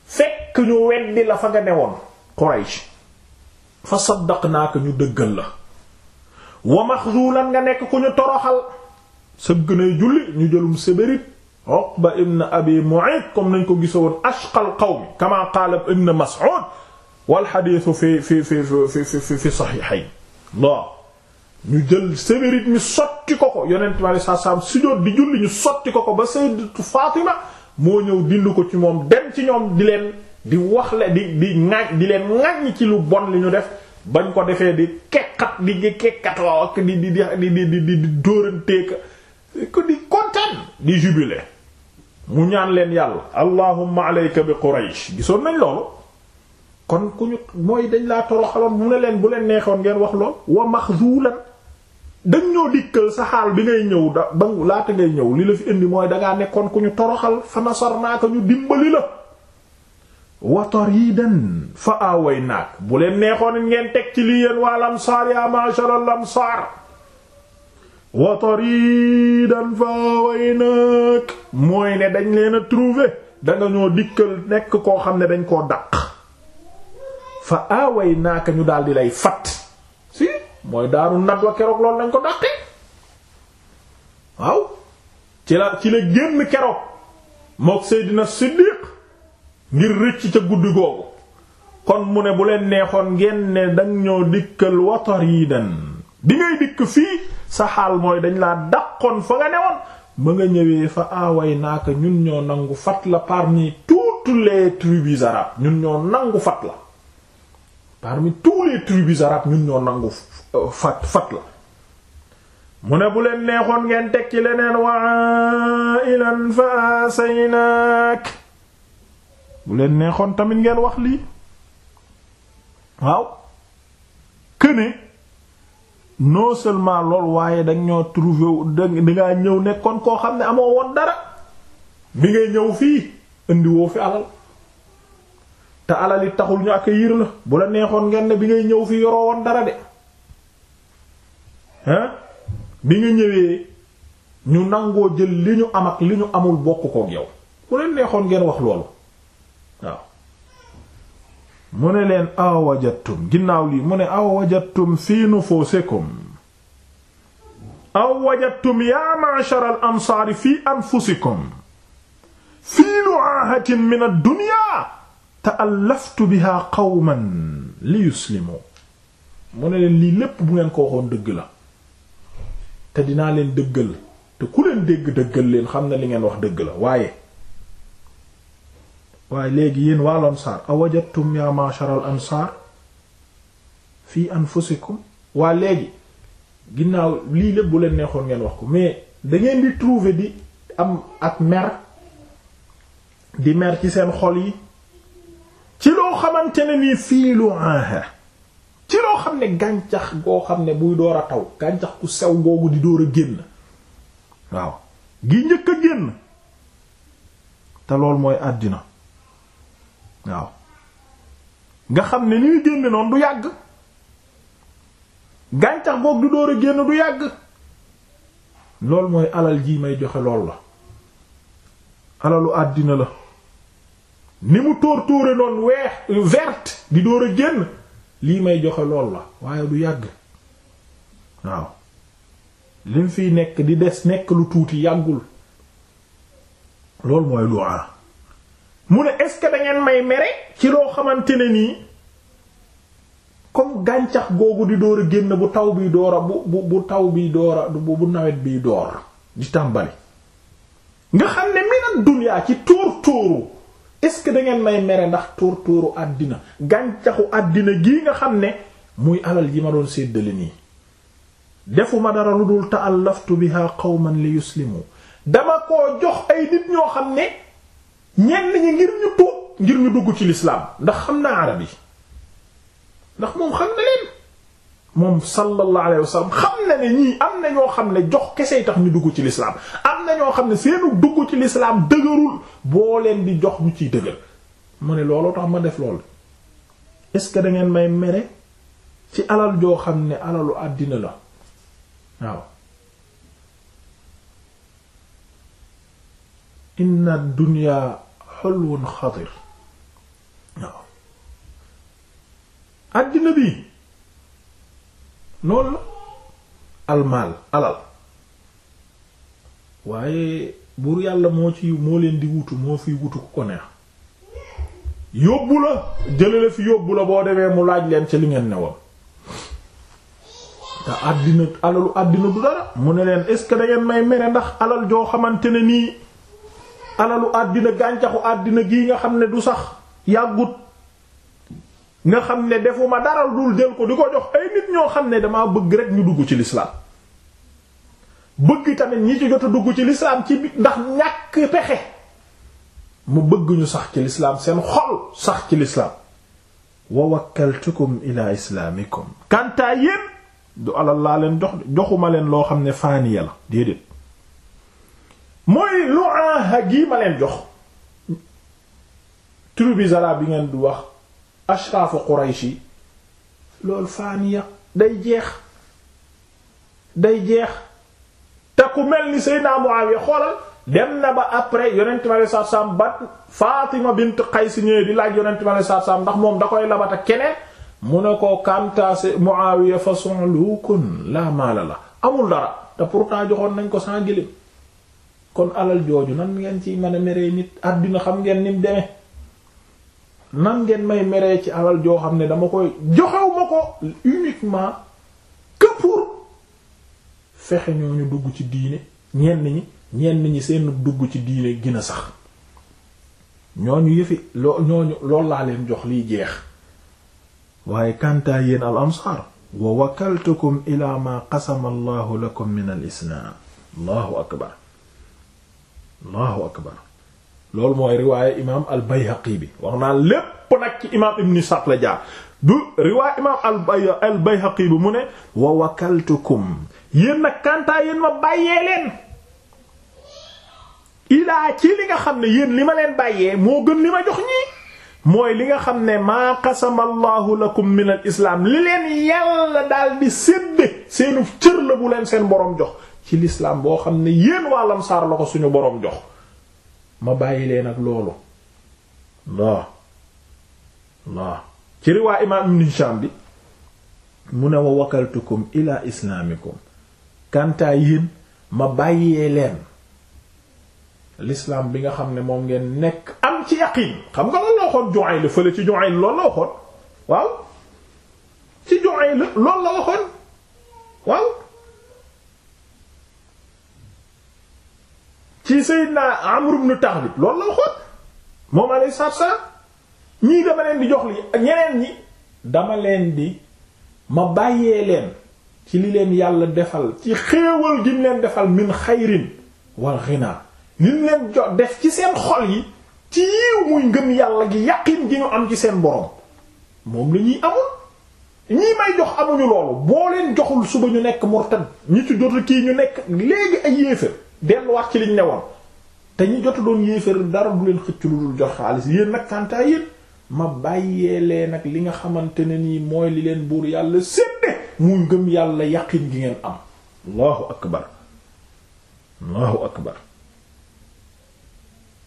fekk ñu weddi la fa nga newoon Quraysh fa ko ñu dëggal la wa maxzulan nga nekk ku ñu toroxal sëgg nay julli ñu jëlum sébarit Uqba ibn Abi Mu'ayt comme nañ ko gisoon ashqal qawmi kama qaala ibn Mas'ud wal hadith fi fi fi fi fi fi sahihayn ñu jël sévérité ñu sotti ko ko yonent bi alayhi salaam sujjóot di julli ñu sotti ko ko ba sayyidatu Fatima moo ñëw dind ko ci moom dem ci ñoom di leen di wax le di di ŋañ di leen ŋañ ci lu bon li ñu def bañ ko defee di kekkat di di kekkatoo ak di di di di di di dóoranteeg ko di kontaan di jubilé mu ñaan leen yàlla allahumma alayka bi Quraysh gisoon nañ loolu kon ku ñu mooy dañ laa toroxaloon mu ne leen bu leen neexoon ngeen wax lool wa maxzulan dañ ñoo dikkal sa xaal bi ngay ñëw da ba laata ngay ñëw li la fi indi mooy dangaa nekkoon ku ñu toroxal fa nasar naaka ñu dimbali la wator yi den fa away naak bu leen neexoon ngeen teg ci lii yéen waa lamsaar yaa ma'shara lamsaar wator yi den mooy ne dañ leen a trouver danga ñoo dikkal nekk koo xam ne dañ koo daq fa away naaka ñu daal lay fat mooy nag wa keroog lool lañ ko dàqe waaw ci la ci la génn keroog mook Seydina Siddiq ngir rëcc ca guddi googu kon mu ne bu leen neexoon ngeen ne dang ñoo dikkal wataridan di ngay dikk fii sa xaal mooy dañ laa daqoon fa nga newoon ba nga ñëwee fa aaway naaka ñun ñoo nangu fat la parmi toutes les tribus ñun ñoo nangu fat la parmi tous les tribus arabes ñun ñoo nangu fat fat la mu ne bu leen neexoon ngeen teg ci leneen wa ilan fa asaynaak bu leen neexoon tamit ngeen wax lii waaw këne non seulement lool waaye danga ñoo trouvé da dangaa ñëw nekkoon koo xam ne amoo woon dara bi ngay ñëw fii indiwoo fi alal te alal yi taxul ñu accueillir la bu la neexoon ngeen ne bi ngay ñëw fii yoroo woon dara de bi nga ñëwee ñu nangoo jël li ñu am ak li ñu amul bokk koog yow ku leen neexoon ngeen wax loolu waaw mu ne leen awajattum ginnaaw lii mu ne awajattum fi nufusikum awajattum yaa ma'shar al ansaari fi anfusikum fi lu'aahatin min ad-dunya ta'allaftu biha qawman li yuslimu mu ne leen lii lépp bu ngeen ko waxoon dëgg la te dinaa leen dëggal te ku leen dégg dëggal leen xam na li ngeen wax dëgg la waaye waaye léegi yéen waa lansaar awajadtum ya masharal ansaar fii an anfusikum waa léegi ginnaaw lii lépp bu leen neexoon ngeen wax ko mais dangeen ngeen di trouver di am ak mer di mer ci seen xol yi ci loo xamante ne nii fii lu anha loo ne gàncax goo xam ne buy door a taw gàncax ku sew googu di door a génn waaw gi njëkk a génn te loolu mooy àddina waaw nga xam ne ni muy génn du yàgg gàncax goog du door a génn du yàgg loolu mooy alal ji may joxe lool la alalu àddina la ni mu tóor tóore noonu weex vert di door a génn lii may joxe lool la waaye du yàgg waaw lim fiy nekk di des nekk lu tuuti yàggul loolu mooy du'a mu ne est-ce que da ngeen may mere ci loo xamante ne nii comme gàncax googu di door a génn bu taw bi door bu bu taw bi door bu bu nawet bi door di tàmbali nga xam ne minan dunya ci tóor tóoru est-ce que da ngeen may mere ndax tuur tuuru àddina gàncaxu àddina gii nga xam ne muy alal yi ma doon séddale nii defuma dara lu dul ta'allaftu biha qawman li yuslimu dama koo jox ay nit ñoo xam ne ñenn ñi ngir ñu tuub ngir ñu dugg ci lislaam ndax xam na arab yi ndax moom xam na leen moom sallallahu alayhi wa sallam xam na ne ñii am na ñoo xam ne jox kese tax ñu dugg ci lislaam am na ñoo xam ne seenu dugg ci lislaam dëgërul boo leen di jox ñu ciy dëgër mu ne looloo tax ma def lool est-ce que da may mere ci alal joo xam ne alalu àddina la waaw inna xatir waaw àddina bi noonu la almaal alal waaye buur yàlla moo ci moo leen di wutu moo fiy wutu ku ko neex yóbbu la jële fi yóbbu la boo demee mu laaj leen ci li ngeen ne woon te àddina alalu àddina du dara mu ne leen est-ce que da ngeen may mere ndax alal joo xamante ne nii alalu àddina gàncaxu àddina gii nga xam ne du sax yàggut nga xam ne defuma dara dul jël ko di ko jox ay nit ñoo xam ne damaa bëgg rek ñu dugg ci lislaam bëgg tamit ñi ci jot dugg ci lislaam ci ndax ñàkk pexe mu bëgg ñu sax ci lislaam seen xol sax ci lislaam wa wakkaltukum ila islaamikum kantaa yéen du alal laa leen jox joxuma leen loo xam ne faaniya la déedéet mooy lu aha gii ma leen jox tribu arab bi ngeen du wax ashraafu Quraysh yi loolu faaniya day jeex day jeex te ku mel ni Seydina Muawiya xoolal dem na ba après yonent ma lay saab saab ba Fatima bint Qays ñëwee di laaj yonent ma lay saab saab ndax moom da koy labata keneen mu ne ko kantaase Muawiya façon lu kun laa maala la amul dara te pourtant joxoon nañ ko sans gilim kon alal jooju nan ngeen ci mën a meree nit àddina xam ngeen nim demee nan ngeen may meree ci alal joo xam ne dama koy joxew ma ko uniquement que pour fexe ñooñu dugg ci diine ñenn ñi ñenn ñi seen dugg ci diine gën a sax ñooñu yëfi loo ñooñu loolu laa leen jox liy jeex waaye kantaa yéen al ansaar wa wakaltukum ila ma qasama allahu lakum min al islaam akbar allahu akbar loolu mooy riwaaya imaam al bi wax naa lépp nag ci imaam Ibn Ishaq la jaar du riwaaya imaam al bi mu ne wa wakaltukum yéen nag kantaa yéen ma bàyyee leen ilaa ci li nga xam ne yéen li ma leen bàyyee moo gën li ma jox ñii mooy li nga xam ne maa qasama allahu lakum min al islaam li leen yàlla daal bi sédde seenu cër la bu leen seen boroom jox ci lislaam boo xam ne yéen waa lamsaar la ko suñu boroom jox ma bàyyi leen ak loolu waaw waaw ci riwaa imaam ibn bi mu ne wa wakaltukum ila islaamikum kantaa yéen ma bàyyee leen l'islam bi nga xam ne moom ngeen nekk am ci yaqiin xam nga loolu la waxoon Ju'ayl fële ci Ju'ayl loolu la waxoon waaw ci Ju'ayl loolu la waxoon waaw ci Seydina Amr ibn Tahlib loolu la waxoon moom alayhi salaatu salaam ñii dama leen di jox li ak ñeneen ñi dama leen di ma bàyyee leen ci li leen yàlla defal ci xéewal gi leen defal min xayrin wal ghina li mu leen jox def ci seen xol yi ci yiw muy ngëm yàlla gi yaqin gi ñu am ci seen borom moom li ñuy amul ñii may jox amuñu loolu boo leen joxul suba ñu nekk murtad ñi ci jotu kii ñu nekk léegi ay yéefar wax ci liñ ne woon te ñu jot doon yéefar dara du leen xëcc lu dul jox xaalis yéen nag kantaa yéen ma bàyyee leen ak li nga xamante ne nii mooy li leen buur yàlla sédde mu ngëm yàlla yaqin gi ngeen am allahu akbar allahu akbar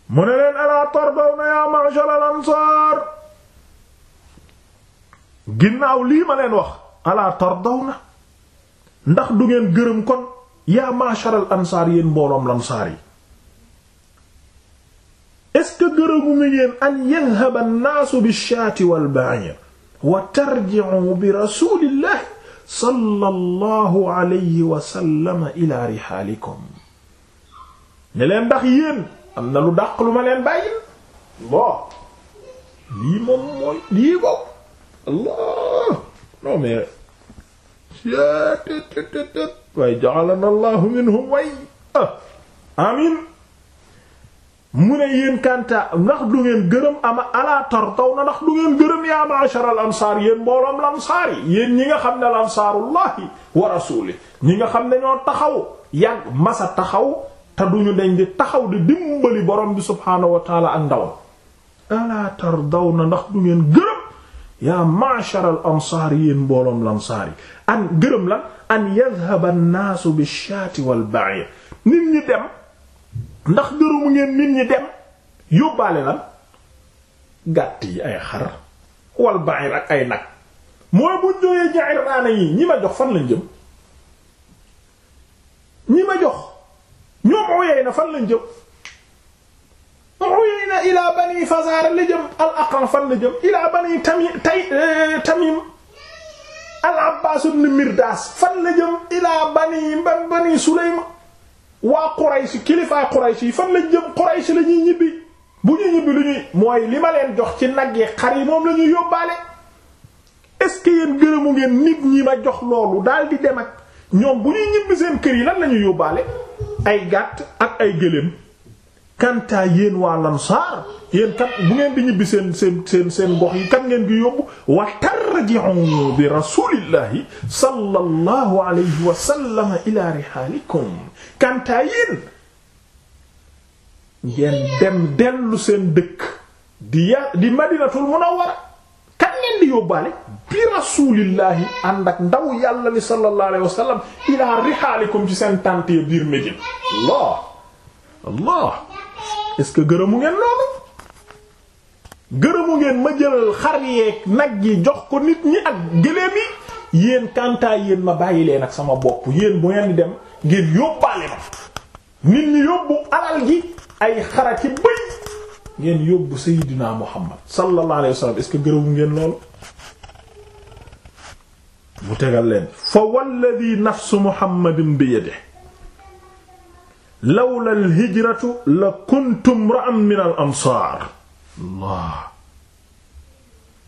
mu ne leen alaa tardawna yaa ma'shar al ginnaaw lii ma leen wax alaa tardawna ndax du ngeen gërëm kon yaa masharal ansaar yéen mbooloom lansaar yi est-ce que gërëmu mi ngeen an yadhhaba an-naasu bi-shaati wal-ba'ir wa tarji'u bi rasulillahi sallallahu alayhi wa sallam ila rihaalikum ne leen ndax yéen am na lu dàq lu ma leen bàyyil bon lii moom mooy lii moom allah non mais waaye ja'alana allahu minhum way ah, amin mu ne yéen kanta ndax du ngeen gërëm ama ala tartaw na ndax du ngeen gërëm ya ma'shar al ansaar yéen mbooloom l ansaar yi yéen ñi nga xam ne al ansaarullahi wa rasuli ñi nga xam ne ñoo taxaw yàgg masa taxaw te duñu dañ di taxaw di dimbali borom bi subhaanahu wa taala ak ndaw ala tardaw na ndax du ngeen gërëm yaa ma'shar al ansaar yéen mbooloom lansaar yi an gërëm la an yadhhab an naasu bi shaati wal ba'ir nit ñi dem ndax gërëmu ngeen nit ñi dem yóbbaale lan gàtt yi ay xar wal ba'ir ak ay nag mooy bu jógee Ji'irraana yi ñi ma jox fan lañ jëm ñi ma jox ñoom ooyee na fan lañ jëm Uyayna ila bani Fazaara la jëm al Aqra fan la jëm ila bani Tamim tay eh, Tamim al Abbaas ibn Mirdaas fan la jëm ila bani ban bani Sulaym waa Quraysh kilifa Quraysh yi fan la jëm Quraysh la ñuy ñibbi bu ñu ñibbi lu ñuy mooy li ma leen jox ci nag yi xar yi moom la ñuy yóbbaale est-ce que yéen gërëmu ngeen nit ñi ma jox loolu daal di ñoom bu ñuy ñibbi seen kër yi lan la ñuy yóbbaale ay gàtt ak ay gëléem. kantaa yéen waa lansaar yéen kat bu ngeen di ñibbi seen seen gox yi kan ngeen di yóbbu wa tarji'u bi rasulillahi sallallahu alayhi wa sallam ila rihaalikum kantaa yéen ngeen dem dellu dëkk di di madinatul munawwara kan ngeen di yóbbaale ndaw yàlla li sallallahu alayhi wa sallam ci seen tànt biir Médine Allah Allah est-ce que gërëmu ngeen loolu gërëmu ngeen ma jëlal xar yeeg nag yi jox ko nit ñi ak gëléem yi yéen kantaa yéen ma bàyyi leen ak sama bopp yéen bu ngeen di dem ngeen yóbbaale ma nit ñi yóbbu alal gi ay xara ci bëy ngeen yóbbu Seydina Muhammad sallallahu alayhi wa sallam est gërëmu ngeen loolu mu tegal leen fa walladi nafsu Muhammadin bi yadihi lawla alhijratu la kuntum ra'an min al ansaar allah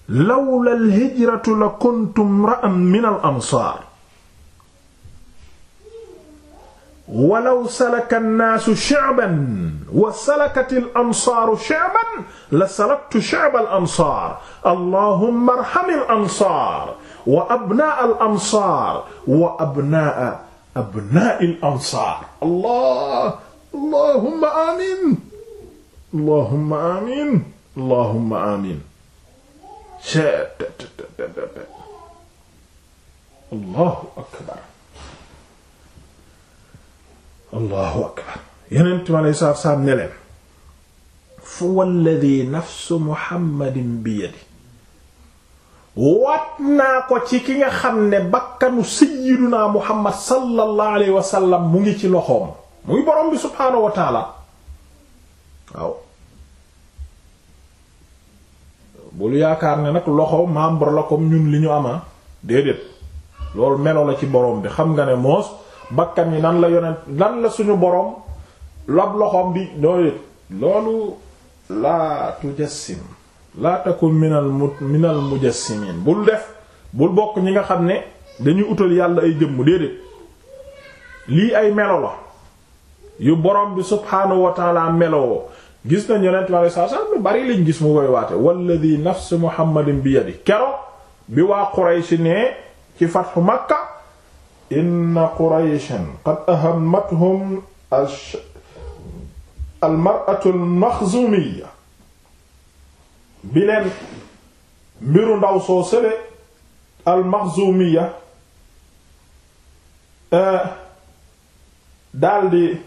lawla alhijratu la kuntum ra'an min al ansaar walaw salaka nnaasu sha'ban wa salakat al ansaaru sha'ban la salaktu sha'ba al ansaar allahumma arham al ansaar wa abnaa al ansaar wa abnaa abnaa'il ansaar allah allahumma amiin allahumma amiin allahumma amiin allahu akbar allahu akbar yeneent mi alei saatu salaam ne leen fa walladhi nafsu muhammadin biyadihi waat naa ko ci ki nga xam ne bakkanu sayyiduna muhammad sallallahu alayhi wa sallam mu ngi ci loxoom muy borom bi subhaanahu wa waaw bul yaakaar ne nag loxo membre la ko ñun li ñu ama ah. déedéet loolu melo la ci boroom bi xam nga ne moos bakkan yi nan la yonent nan la suñu boroom lab loxoom bi nooyét loolu laa tujassim laa takun minal mu minal bul def bul bokk ñi nga xam ne dañuy utal yàlla ay jëmm déedéet lii ay melo la yu borom bi subhaanahu wa melo melowoo gis nañ yonent ma saa saa lu bari lañ gis mu koy waate walladi nafsu muhammadin bi yadi kero bi waa qurayshi ne ci fatxu makka inna qurayshan qad ahammathum al mar'atu al maxzumiyya bi leen mbiru ndaw soo sële al eh, daldi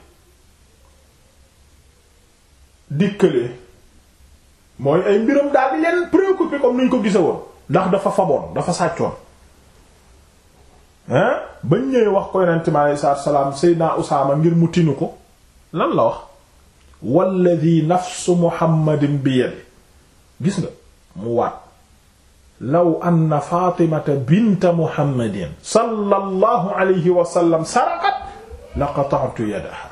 dikkale mooy ay mbiram daldi leen préoccupé comme ni ñu ko gise woon ndax dafa faboon dafa sàccoon hein eh, bañ ñëwee wax ko yonent mi aleyhi salaatu salaam Seydina ngir mu tinu ko lan la wax walladi nafsu Muhammadin bi yadi gis nga mu waat law anna fatimata bint muhammadin sallallahu alayhi wa sallam saraqat la qata'tu yadaha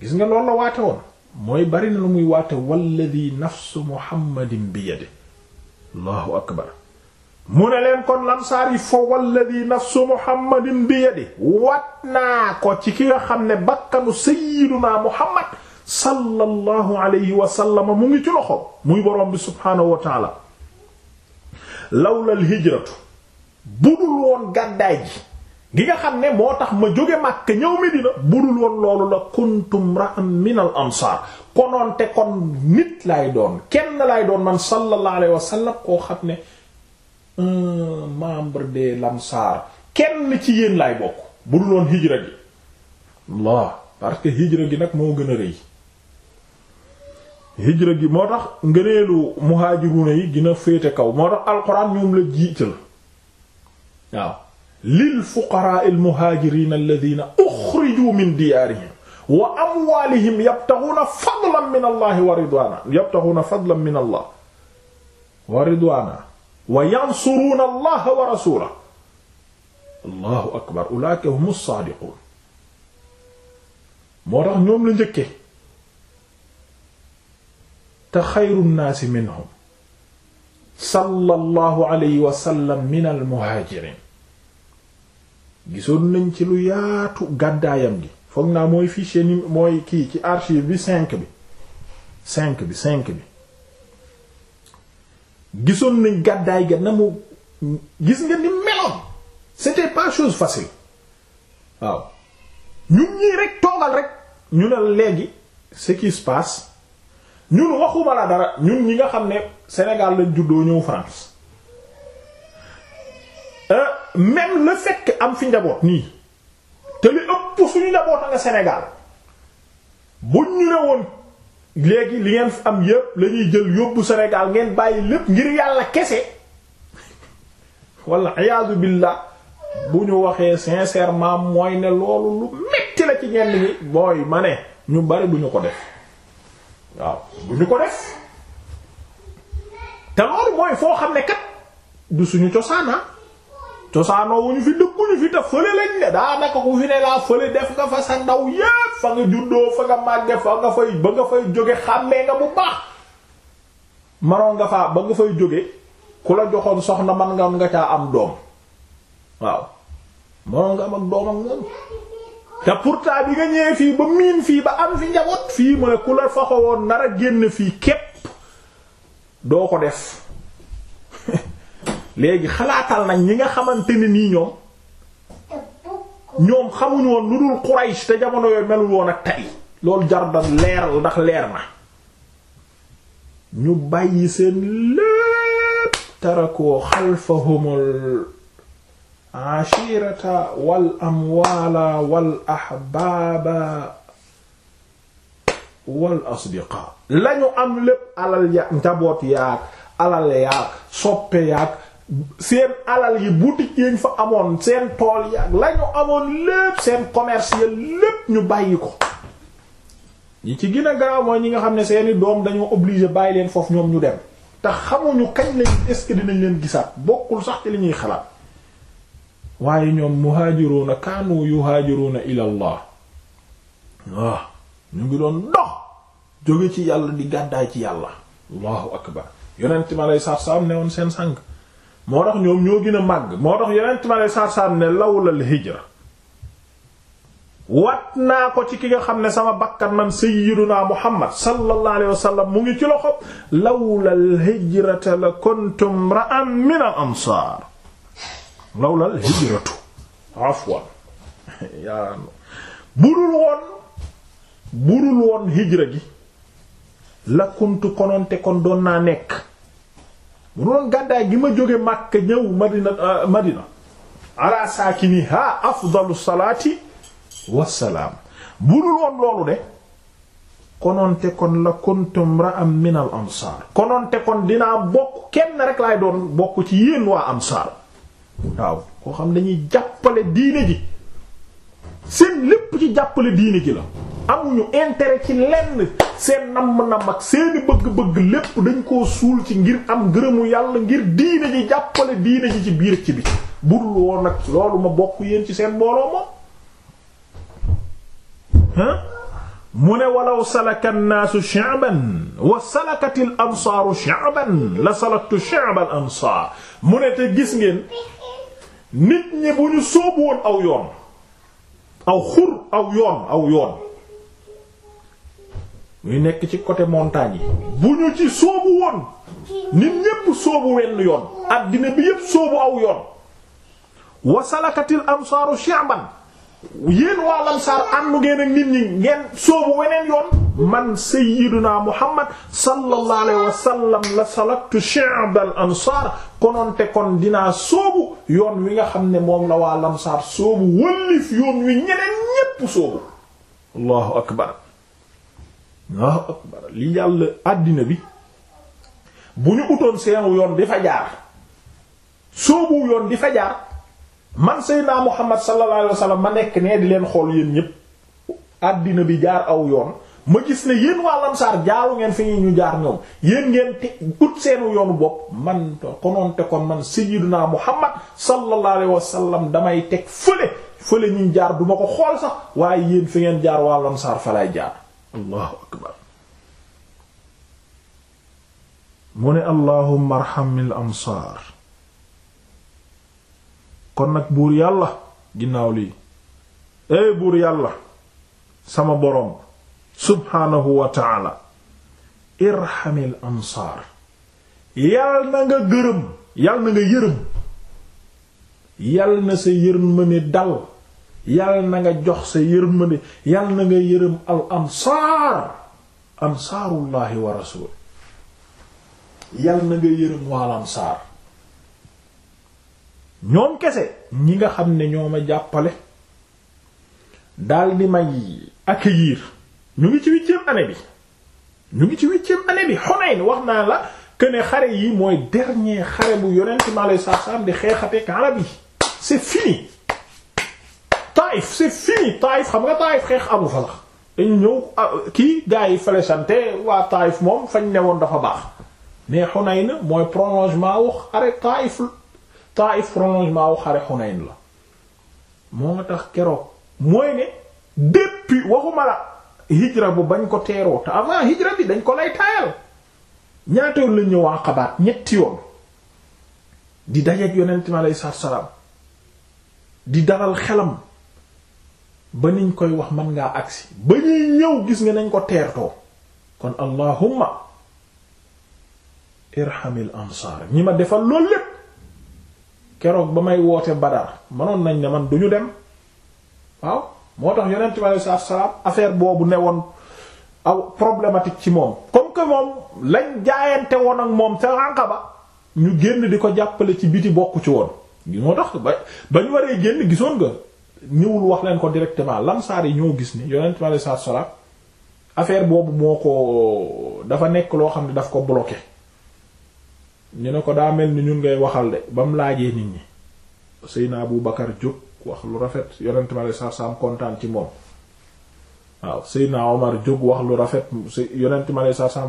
gis nga loolu la waate woon mooy bari na muy waate walladi nafsu muhammadin bi yadi allahu akbar mu leen kon lamsaar yi walladi nafsu muhammadin bi yadi wat ko ci ki nga xam ne bakkanu sayyiduna muhammad sallallahu alayhi wa sallam mu ngi ci loxo muy borom bi subhaanahu wa taala lawla al hijratu budul woon gàddaay ji gi nga xam ne moo tax ma jóge Makka ñëw Medina budul woon loolu la kuntum ra'an min al konoon te kon nit lay doon kenn lay doon man sallallahu alayhi wa koo xam ne un membre des lamsaar kenn ci yéen lay bokk budul woon hijra gi parce que hijra gi nag moo gën a rëy hijra gi moo tax ngëneelu muhaajiruuna yi dina féete kaw moo tax alxuraan ñoom la jiital waaw lil fuqaraa al muhaajiriina alladhiina uxrijuu min diyaarihim wa amwaalihim yabtaxuuna fadlan min allah wa ridwaana yabtaxuuna fadlan min allah wa ridwaana wa yansuruuna allaha wa rasuulahu allahu akbar ulaa'ika humus saadiquun moo tax ñoom la njëkke te xayru nnaasi minhum sallallahu alayhi wa min al muhaajiriin gisoon nañ ci lu yaatu gàddaayam gi foog naa mooy fichier ni mooy kii ci archive bi cinq bi cinq bi cinq bi gisoon nañ gàddaay ga na mu gis nga ni meloon c'était pas chose facile waaw ñun ñii rek toogal rek ñu ne léegi ce qui se ñun waxuma la dara ñun ñi nga xam ne Sénégal lañ juddoo ñëw France euh, même le fait am fi njaboot nii te li ëpp suñu njaboot a nga Sénégal buñ ñu ne woon léegi li ngeen am yépp lañuy jël yóbbu Sénégal ngeen bàyyi lépp ngir yàlla kese wala iyaazu billah bu ñu waxee sincèrement mooy ne loolu lu metti la ci ñenn ñi booy ma ne ñu bari bu ñu ko def waaw du ñu ko def te loolu mooy foo xam ne kat du suñu cosaana ah. cosaanoo wu ñu fi dëkkuñu fi te fële lañ ne daanaka ku fi ne laa fële def nga fa sa ndaw yépp fa nga juddoo fa nga màgge fa nga fay ba nga fay jóge xàmmee nga bu baax manoon nga faa ba nga fay jóge ku la joxoon soxna man nga nga caa am doom waaw manoon nga am ak doom ak moom te pourtant bi nga ñëwee fii ba miin fii ba am fi njaboot fii mu ne ku la fa xawoon nar a génn fii képp doo ko def léegi xalaatal nag ñi nga xamante ne nii ñoom ñoom xamuñu woon lu dul Quraysh te jamono yooyu melul woon ak tey loolu jar da leer ndax leer na ñu bàyyi seen lépp tarakoo xalfahumul ashirata wal amwaala wal ahbaaba wal asdiqaa lañu am lépp alal ya njaboot yaag alal yaag soppe yaag seen alal yi boutique yañ fa amoon seen tool yaag lañu amoon lépp seen commerce lépp ñu bàyyi ko ñi ci gën a garaaw mooy ñi nga xam ne seeni doom dañoo obligé bàyyi leen foofu ñoom ñu dem te xamuñu kañ lañ est-ce que dinañ leen gisaat bokkul sax ci li ñuy xalaat waaye ñoom muhaajiruuna kaanu yuhaajiruuna ila allah ah, ñu ngi doon dox jóge ci yàlla di gàddaay ci yàlla allahu akbar yonent mi aleyhi salaatu ne woon seen sang moo tax ñoom ñoo gën màgg moo tax yonent mi aleyhi salaatu ne lawlal hijra wat naa ko ci ki nga xam ne sama bakkan man sayyiduna muhammad sallallahu alayhi wa mu ngi ci loxo lawla hijrata la kuntum ra'an min al ansaar lawlal hijratu afwan yaa budul woon budul woon hijra gi la kuntu kononte kon doon naa nekk bu doon gàddaay gi ma jóge Makka ñëw Madina euh, Madina ala saakiniha afdalu salaati wassalaam budul woon loolu de kononte kon la kuntum ra'am min ansaar kononte kon dinaa bokk kenn rek laay doon bokk ci yéen waa ansaar waaw koo xam dañuy jàppale diine ji seen lépp ci jàppale diine ji la amuñu intere ci lenn seen namm-namm ak seeni bëgg-bëgg lépp dañ koo suul ci ngir am gërëmu yàlla ngir diine ji jàppale diine ji ci biir ci bi budul woon nag loolu ma bokk yéen ci seen mbooloo moom mu ne walaw salaka nnaasu sha'ban wa salakati l ansaaru sha'ban la salaktu sha'bal ansaar mu ne te gis ngeen nit ñi bu ñu sóobu woon aw yoon aw xur aw yoon aw yoon muy nekk ci côté montagne yi bu ñu ci sóobu woon nit ñépp sóobu wenn yoon àddina bi yépp sóobu aw yoon wasalakatil amsaaru shi'ban yéen waa lamsaar àndu ngeen ak nit ñi ngeen soobu weneen yoon man sayyiduna muhammad sallallahu alayhi wa sallam la salaktu shi'b al ansar kononte kon dinaa soobu yoon wi nga xam ne moom la waa lamsaar soobu wëllif yoon wi ñeneen ñépp soobu allahu akbar allahu akbar li bi bu ñu utoon seenu yoon di fa jaar soobu yoon di fa jaar man Seydina Muhammad sallallahu alayhi wa sallam ma nekk nee di leen xool yéen ñëpp àddina bi jaar aw yoon ma gis ne yéen waa Lamsaar jaaru ngeen fi ñu jaar ñoom yéen ngeen te ut seenu yoonu bopp man konoonte kon man Seydina Muhammad sallallahu alayhi wa sallam damay teg fële fële ñu jaar duma ko xool sax waaye yéen fi ngeen jaar waa Lamsaar fa lay jaar allahu akbar mu ne allahumma arhamil ansaar kon nag buur yàlla ginnaaw lii éy buur yàlla sama boroom subhaanahu wa taala irhamil ansaar yal na nga gërëm yal na nga yërëm yal na sa yërmande dal yal na nga jox sa yërmande yal na nga yërëm al ansaar ansaarullahi wa rasuul yal na nga yërëm waal ansaar ñoom kese ñi nga xam ne ñoo ma jàppale daal di may accueillir ñu ngi ci huitième année bi ñu ngi ci huitième année bi Hunayn wax naa la que xare yi mooy dernier xare bu yonent mi alayhi salaatu salaam di xeexateek arab yi c'est fini Taïf c'est fini Taïf xam nga Taïf xeex amu fa la dañu ñëw ah, kii gars yi fële sant waa Taïf moom fañ newoon dafa baax mais Hunayn mooy prolongement wu xare Taïf Taif prolongement wu xare Hunayn la moo tax keroog mooy ne depuis waxuma la hijra bu bañ ko teeroo te avant hijra bi dañ ko lay taayal ñaata yoon lañ ñëw ñetti yoon di dajeek yonent mi alayhi salaam di daral xelam ba niñ koy wax man ngaa agsi ba ñuy ñëw gis nga nañ ko teertoo kon allahumma irhamil ansaar ñi ma defal loolu lépp keroog ba may woote Badar mënoon nañ ne man duñu dem waaw moo tax yonent bi alayhi salaatu salaam affaire boobu ne woon aw problématique ci moom comme que moom lañ jaayante woon ak moom ca ba ñu génn di ko jàppale ci biti bokku ci woon moo tax ba ba ñu waree génn gisoon nga ñëwul wax leen ko directement lamsaar yi ñoo gis ni yonent bi alayhi salaatu salaam affaire boobu moo ko dafa nekk loo xam ne daf ko bloqué ñu ne ko daa mel ni ñun ngay waxal de ba mu laajee nit ñi Seydina Abu Bakar jóg wax lu rafet yonent ma lay sarsam kontaan ci moom lu rafet yonent ma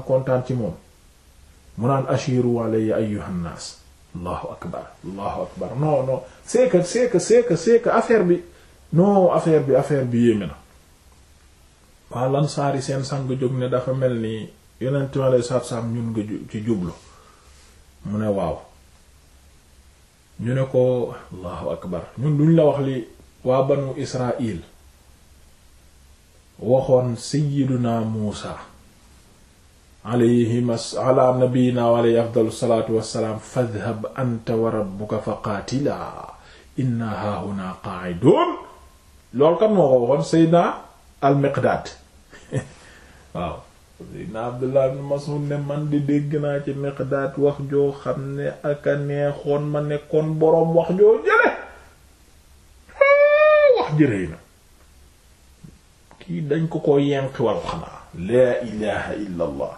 kontaan ci moom mu naan ashiru alayya ayyuhan nas allahu akbar allahu akbar non non c'est que c'est que c'est affaire bi non affaire bi affaire bi yéeme na waa lan saari seen sang jóg ne dafa mel ni yonent ma lay sarsam ñun nga ci jublu mu ne waaw ñu ne ko allahu akbar ñun duñ la wax li waa banu israil waxoon sayyiduna muusa alayhi ala nabiyyina wa alayhi afdalu salaatu wassalaam fadhhab anta wa rabbuka fa qaatilaa inna haahuna qaa'iduun loolu kan moo ko waxoon sayyidina al waaw Seydina Abdullah ibn Mas'ud ne man di dégg naa ci Miqdaad wax joo xam ne ak a neexoon ma nekkoon boroom wax joo jële wax jërëy na kii dañ ko ko yenqi wal xanaa laa ilaha illa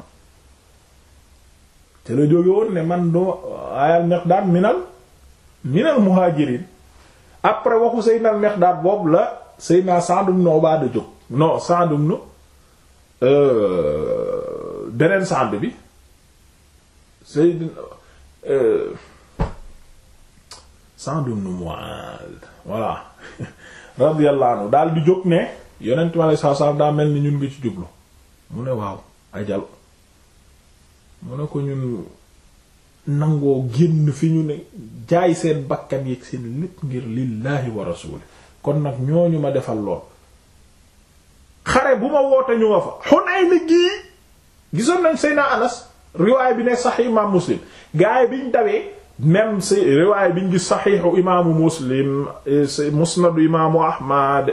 te la jóge woon ne man doo ayal Miqdaad minal minal muhaajiriin après waxu Seydina Miqdaad boobu la Seydina Sa'd ibn Ubaada jóg non Sa'd ibn Euh, beneen sànd bi Sayyid euh, Sa'd ibn Mu'adh voilà radiyallahu daal di jóg ne yonent mi aleyhi salaatu daa mel ni ñun ngi ci jublu mu ne waaw ajal mu ne ko ñun nangoo génn fi ñu ne jaay seen bakkan yeeg seen lépp ngir lillahi wa rasuuli kon nag ñooñu ma defal lool xare bu ma woote ñu nga fa Hunayn gi gisoon nañ Seyna Anas riwaay bi ne sax imaam Muslim gaa yi biñ dawee même si riwaay biñ gis saxiixu imaamu Muslim musnadu imaamu Ahmad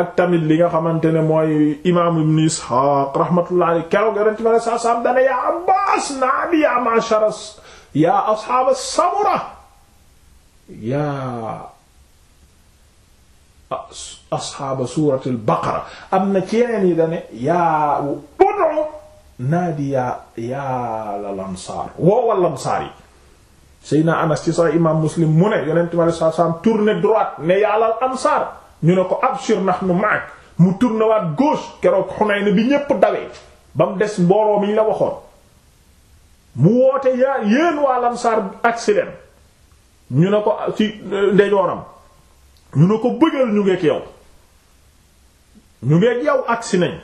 ak tamit li nga xamante ne mooy imaamu Ibn Isxaaq rahmatullahi alayhi keroog yonent bi saa saam dana yaa Abbaas naadi yaa ma'shara yaa asxaaba samura yaa asxaaba suuratul baqara am na ci yeneen yi dane yaa udu naadi yaa yaa la lamsaar woowal lamsaar yi Seydina Anas ci sax Muslim mu ne yonent mi alei satu salaam tourné droite ne yaa la ansaar ñu ne ko abshir nahnu ma'ak mu tourné waat gauche keroog Hunayn bi ñépp dawee ba mu des mbooloo mi la waxoon mu woote yaa yéen waa lamsaar agsi leen ñu ne ko ci eh, ndeyjooram ñu ne ko bëggal ñu ngeeg yow ñu ngeeg yow agsi nañ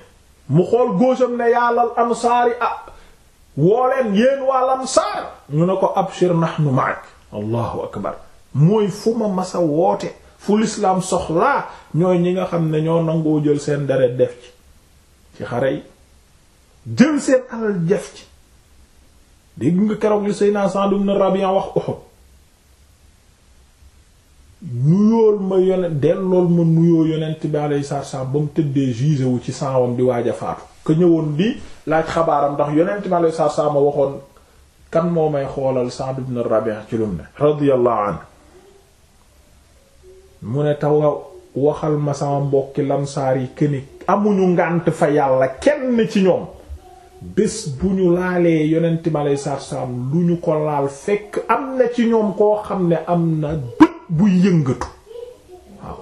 mu xool góosam ne yàllal ansaari ah wooleen yéen wàll ansaar ñu ne ko abshir nahnu ma'ak allahu akbar mooy fu ma masa woote fu lislaam soxlaa ñooy ñi nga xam ne ñoo nangoo jël seen deret def ci ci xare yi jël seen alal def ci dégg nga keroog li Seydina Sa'd ibn Rabi'a wax Uhud nuyool ma yonent dellool ma nuyoo yonent bi alayhi salaam ba tëddee gisé wu ci saam di waaja a faatu ka ñëwoon di laaj xabaaram ndax yonent bi alayhi salaam ma waxoon kan moo may xoolal Sa'd ibn Rabi' ci lum ne radiyallahu anhu mu ne taw waxal ma sama mbokki lamsaar yi këni amuñu ngànt fa yàlla kenn ci ñoom bés bu ñu laalee yonent bi alayhi salaam lu ñu ko laal fekk am na ci ñoom koo xam ne am na buy yëngatu waaw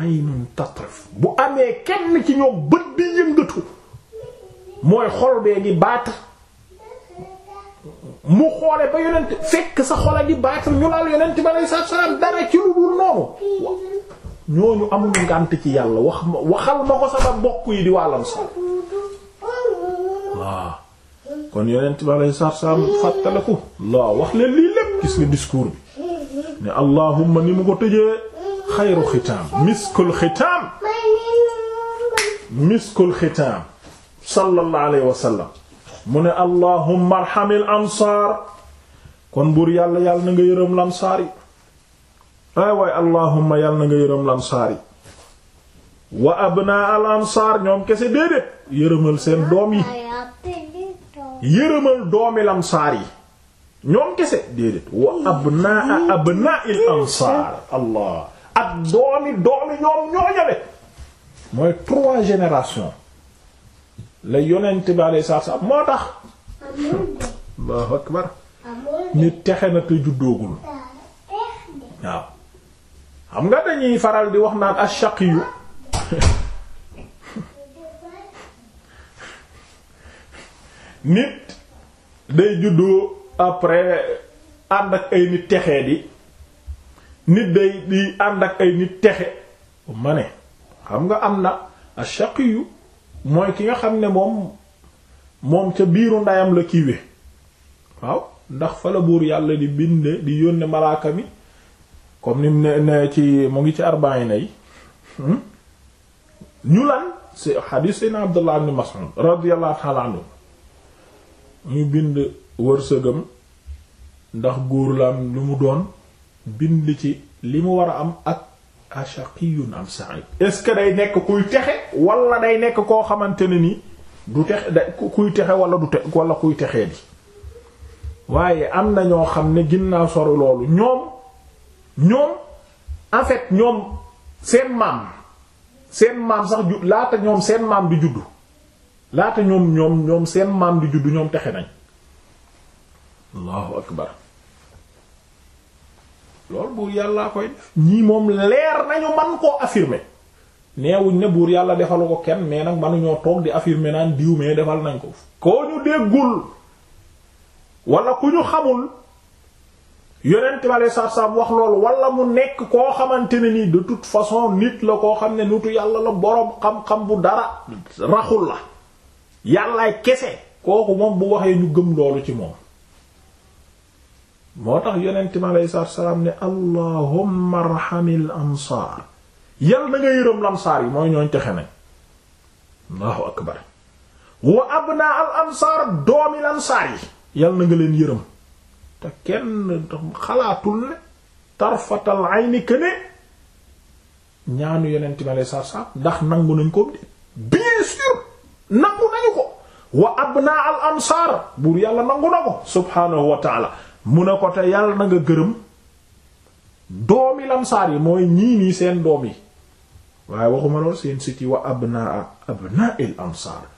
aynun tatrif bu amee kenn ci ñoom bët bi yëngatu mooy xol bee di baata mu xoole ba yonent fekk sa xol di baata ñu laal yonent bi aleyhi salaatu wa salaam dara ci lu ci yàlla wax ma waxal ko sama yi di wàllam sa waaw kon yonent bi aleyhi wax leen lii lépp gis nga discours bi ne allahumma ni mu ko tëjee xayru xitaam miskul xitaam miskul xitaam sallallahu alayhi wa mu ne allahumma arhamil ansaar kon buur yàlla yàlla na nga yërëm lansaar yi ay waay allahumma yàlla na nga yërëm lansaar yi wa abnaa al ansaar ñoom kese déedéet yërëmal seen doom yi yërëmal doomi lansaar yi ñoom kese déedéet wa abnaa abnaa'il ansaar allah ak doomi doomi ñoom ñooñale mooy trois générations la yonent bi alayhi salaam moo tax allahu akbar nit texe na te juddoogul waaw xam nga dañuy faral di wax naan ashaqiyu nit day juddoo après ànd ak ay nit texee di nit day di ànd ak ay nit texe ma ne xam nga am na ashaqiyu mooy ki nga xam ne moom moom ca biiru ndayam la kiiwe waaw ndax fa buur yàlla di bind di yónne malaaka mi comme ni ne ci mu ngi ci arbaina yi hmm? ñu lan si hadith sayna Abdullah ibn Mas'ud radiyallahu ñu bind wërsëgam ndax góor la lu mu doon bind ci li mu war a am ak ashaqiyun am sa'id est-ce que day nekk kuy texe wala day nekk koo xamante ne ni du texe da kuy texe wala du texe wala kuy texee di waaye am na ñoo xam ne ginnaaw sori loolu ñoom ñoom en fait ñoom seen maam seen maam sax ju laata ñoom seen maam di juddu laata ñoom ñoom ñoom seen maam di juddu ñoom texe nañ allahu akbar loolu buur yàllaa koy def ñii moom leer nañu man koo affirmer neewuñ ne buur yàlla defalu ko kenn mais nag manuñoo toog di affirmer naan diw mais defal nañ ko koo ñu déggul wala ku ñu xamul yonent bi alei satu wax loolu wala mu nekk koo xamante ne nii de toute façon nit la koo xam ne nitu yàlla la boroom xam-xam bu dara raxul la yàllaay kese kooku moom bu waxee ñu gëm loolu ci moom moo tax yonent mi aleyhi salaatu salaam ne allahumma arhamil ansaar yal na nga yërëm lamsaar yi mooy ñooñ texe nañ allahu akbar wa abna al doomi lansaar yi yal na nga leen yërëm te kenn xalaatul ne tarfatal ayni këne ñaanu yonent mi aleyhi salaatu salaam ndax nangu nañ ko bien sûr nangu nañu ko wa abna al buur yàlla nangu na ko subhaanahu wa mu ne ko te yàlla na nga gërëm doomi lamsaar yi mooy ñii nii seen doom yi waaye waxuma lool seen siti wa abnaa abnaa'il ansaar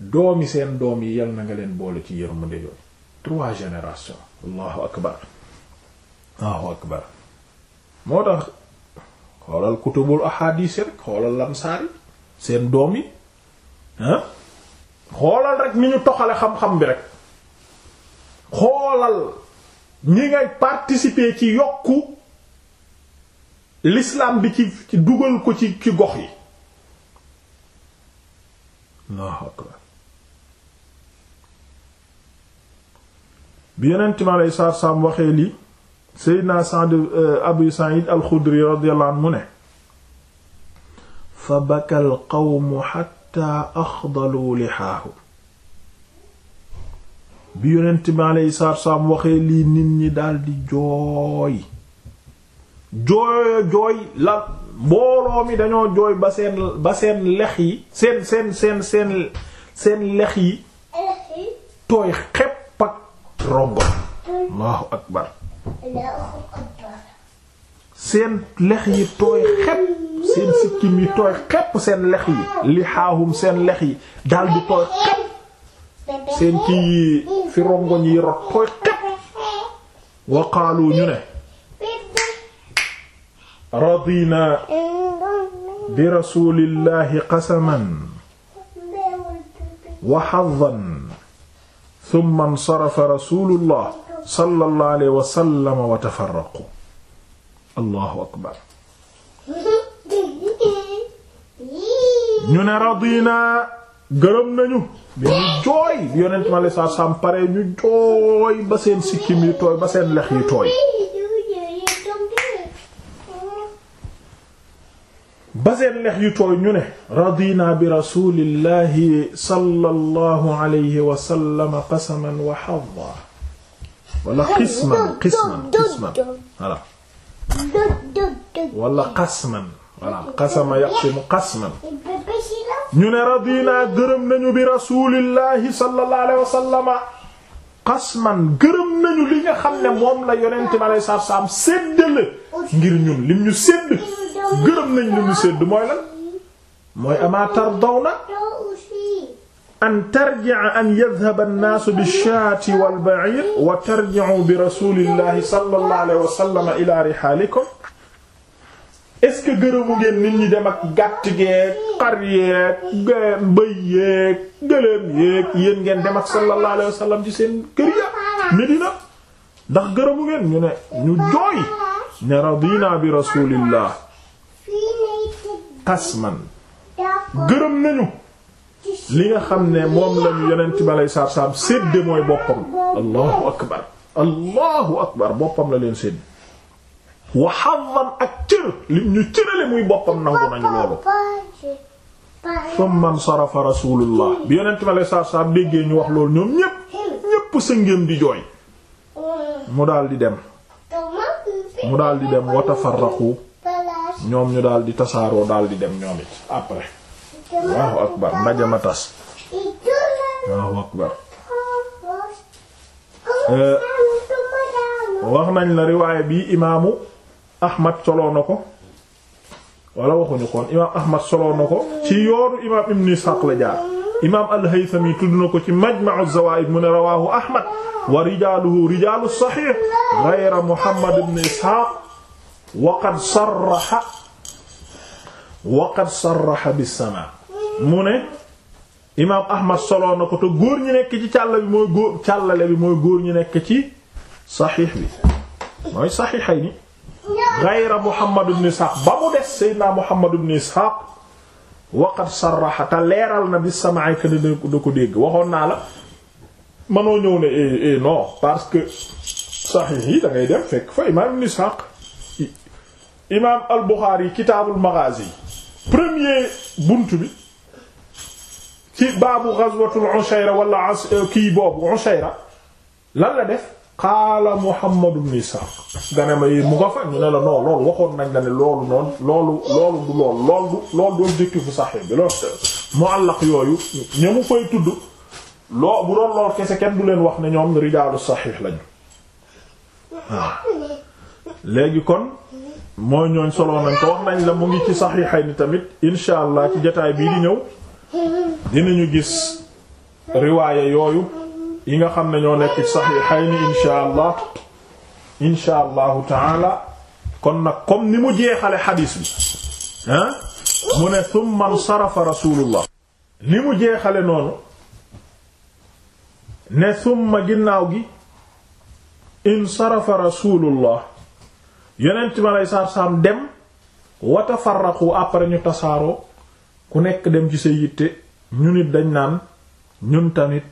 doomi seen doom yi yàlla na nga leen boole ci yërmande yooyu trois générations allahu akbar allahu akbar moo tax xoolal kutubul ahadis rek xoolal lamsaar yi seen doom yi ah xoolal rek ni ñu toxale xam-xam bi rek xoolal ñi ngay participer ci yokku l'islam bi ci dugal ko ci gox yi Allahu akbar bi yeneen time alay saar saam waxee lii Seydina Sa'd euh, Abu Sa'id al-Khudri radiyallahu anhu mu ne fa baka al qawmu hatta axdalu bi yonent bi alayhi salaatu wassalaam waxee lii nit ñi daldi jooy jooyo jooy la mbooloo mi dañoo jooy ba seen lex yi seen seen seen seen seen lex yi tooy xepp ak rogo Allahu akbar seen lex yi tooy xepp seen sikkim yi tooy xepp seen lex yi lixaahum seen lex yi daldi tooy xepp seen yi fi rongoñ yi rot koy xëpp waqaalu ñu ne radina bi rasulillahi qasaman wa haddan thumma insarafa rasulullah sallallahu alayhi wa sallam wa tafarraqu allahu akbar ñu ne radina gërëm nañu mais ñu jooy yonent ma saa sam pare lex yi tooy ba ñu ne radina bi rasulillahi sallallahu alayhi wa sallam ñu ne radina gërëm nañu bi rasulillahi sallallahu alayhi wa sallama qasman gërëm nañu li nga xam ne moom la yonente mi alei satu salaam séddale ngir ñun lim ñu sédd gërëm nañ li ñu sédd mooy lan mooy ama tardawna an tarji'a an yadhhaba an-naasu bish-shaati wal-ba'iir wa tarji'u bi rasulillahi sallallahu alayhi wa sallama ila rihaalikum est-ce que gërëmu ngeen nit ñi dem ak gàtt geek xar yeek bëy yeek gëléem yeek yéen ngeen dem ak sallallahu alayhi wasallam ci seen kër ya Medina ndax gërëbu ngeen ñu ne ñu jooy ne radina bi rasulillah man gërëm nañu li nga xam ne moom lañu yonent bi alay saab saab sédde mooy boppam allahu akbar allahu akbar boppam la leen sédde wa xavan ak cër lim ñu cërale muy boppam nangu nañu loolu thumma ansarafa rasulullah bi yonent ma lay saab saab ñu wax loolu ñoom ñépp ñépp sa ngéem di jooy mu daldi di dem mu daldi di dem watafarraqu ñoom ñu daal di tasaaroo daal dem ñoom après euh, wax nañ la riwaaya bi imaamu Ahmad soloo na ko wala waxuñu koon imaam Ahmad soloo ko ci yoonu imaam Ibn Ishaq la jaar imaam al-Haythami tudd ko ci Majma'u az-Zawaa'id mu ne rawaahu Ahmad wa rijaaluhu rijaalu saxiix ghayra wa qad sarraha wa samaa mu ne imaam Ahmad soloo na ko te góor ñi nekk ci càll bi mooy góor ñi nekk ci saxiix bi mooy saxiixayni gayra Muhammad ibn Ishaq ba mu des Seydina Muhammad ibn Ishaq waqad sarraxa te leeral na bi samay que da ko dégg waxoon naa la manoo ñëw ne eh eh non parce que saxiix yi da ngay dem fekk fa imaam ibn Ishaq imaam al-Bukhari kitaabul premier buntu bi ci baabu ghazwatul Ushayra wala kii boobu Ushayra lan la def. qaala Muhammad ibn Ishaq dana ma mu nga fa ñu ne la non loolu waxoon ne loolu noonu loolu loolu du lool lool du loolu du objectif saxee bi loolu muallaq yooyu ña mu fay tudd loo bu doon lool kese kenn du leen wax ne ñoom rijaalu saxiix lañu waaw léegi kon mooy ñooñ solo nañ ko wax nañ la mu ngi ci saxiixay ni tamit insha allah ci jotaay bii di ñëw dinañu gis riwaaya yooyu yi nga xam ne ñoo nekk ci saxiixayni insha allah insha allahu taala kon nag comme ni mu jeexale xadiis bi ah mu ne thumma nsarafa rasulullah ni mu jeexale noonu ne summa ginnaaw gi insarafa rasulullah yonent mi aleyhi salaatu salaam dem watafarraqu après ñu tasaaroo ku nekk dem ci sa yitte ñu nit dañ naan ñun tamit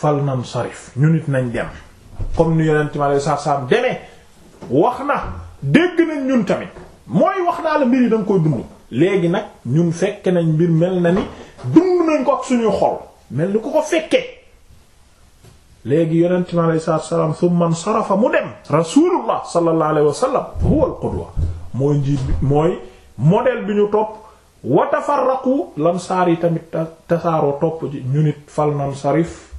fal nan sarif ñu nit nañ dem comme ni yonent mi alei satu salaam demee wax na dégg nañ ñun tamit mooy wax naa la mbir yi da koy dund léegi nag ñun fekk nañ mbir mel na ni dund nañ ko ak suñuy xol mel ni ku ko fekkee léegi yonent mi alei salatu salaam thumma sarafa mu dem rasulullah sallallahu alayhi wa sallam mooy njiit bi mooy modèle bi ñu topp wa tafarraqu lamsaar yi tamit tasaaroo topp ci ñu nit fal nan sarif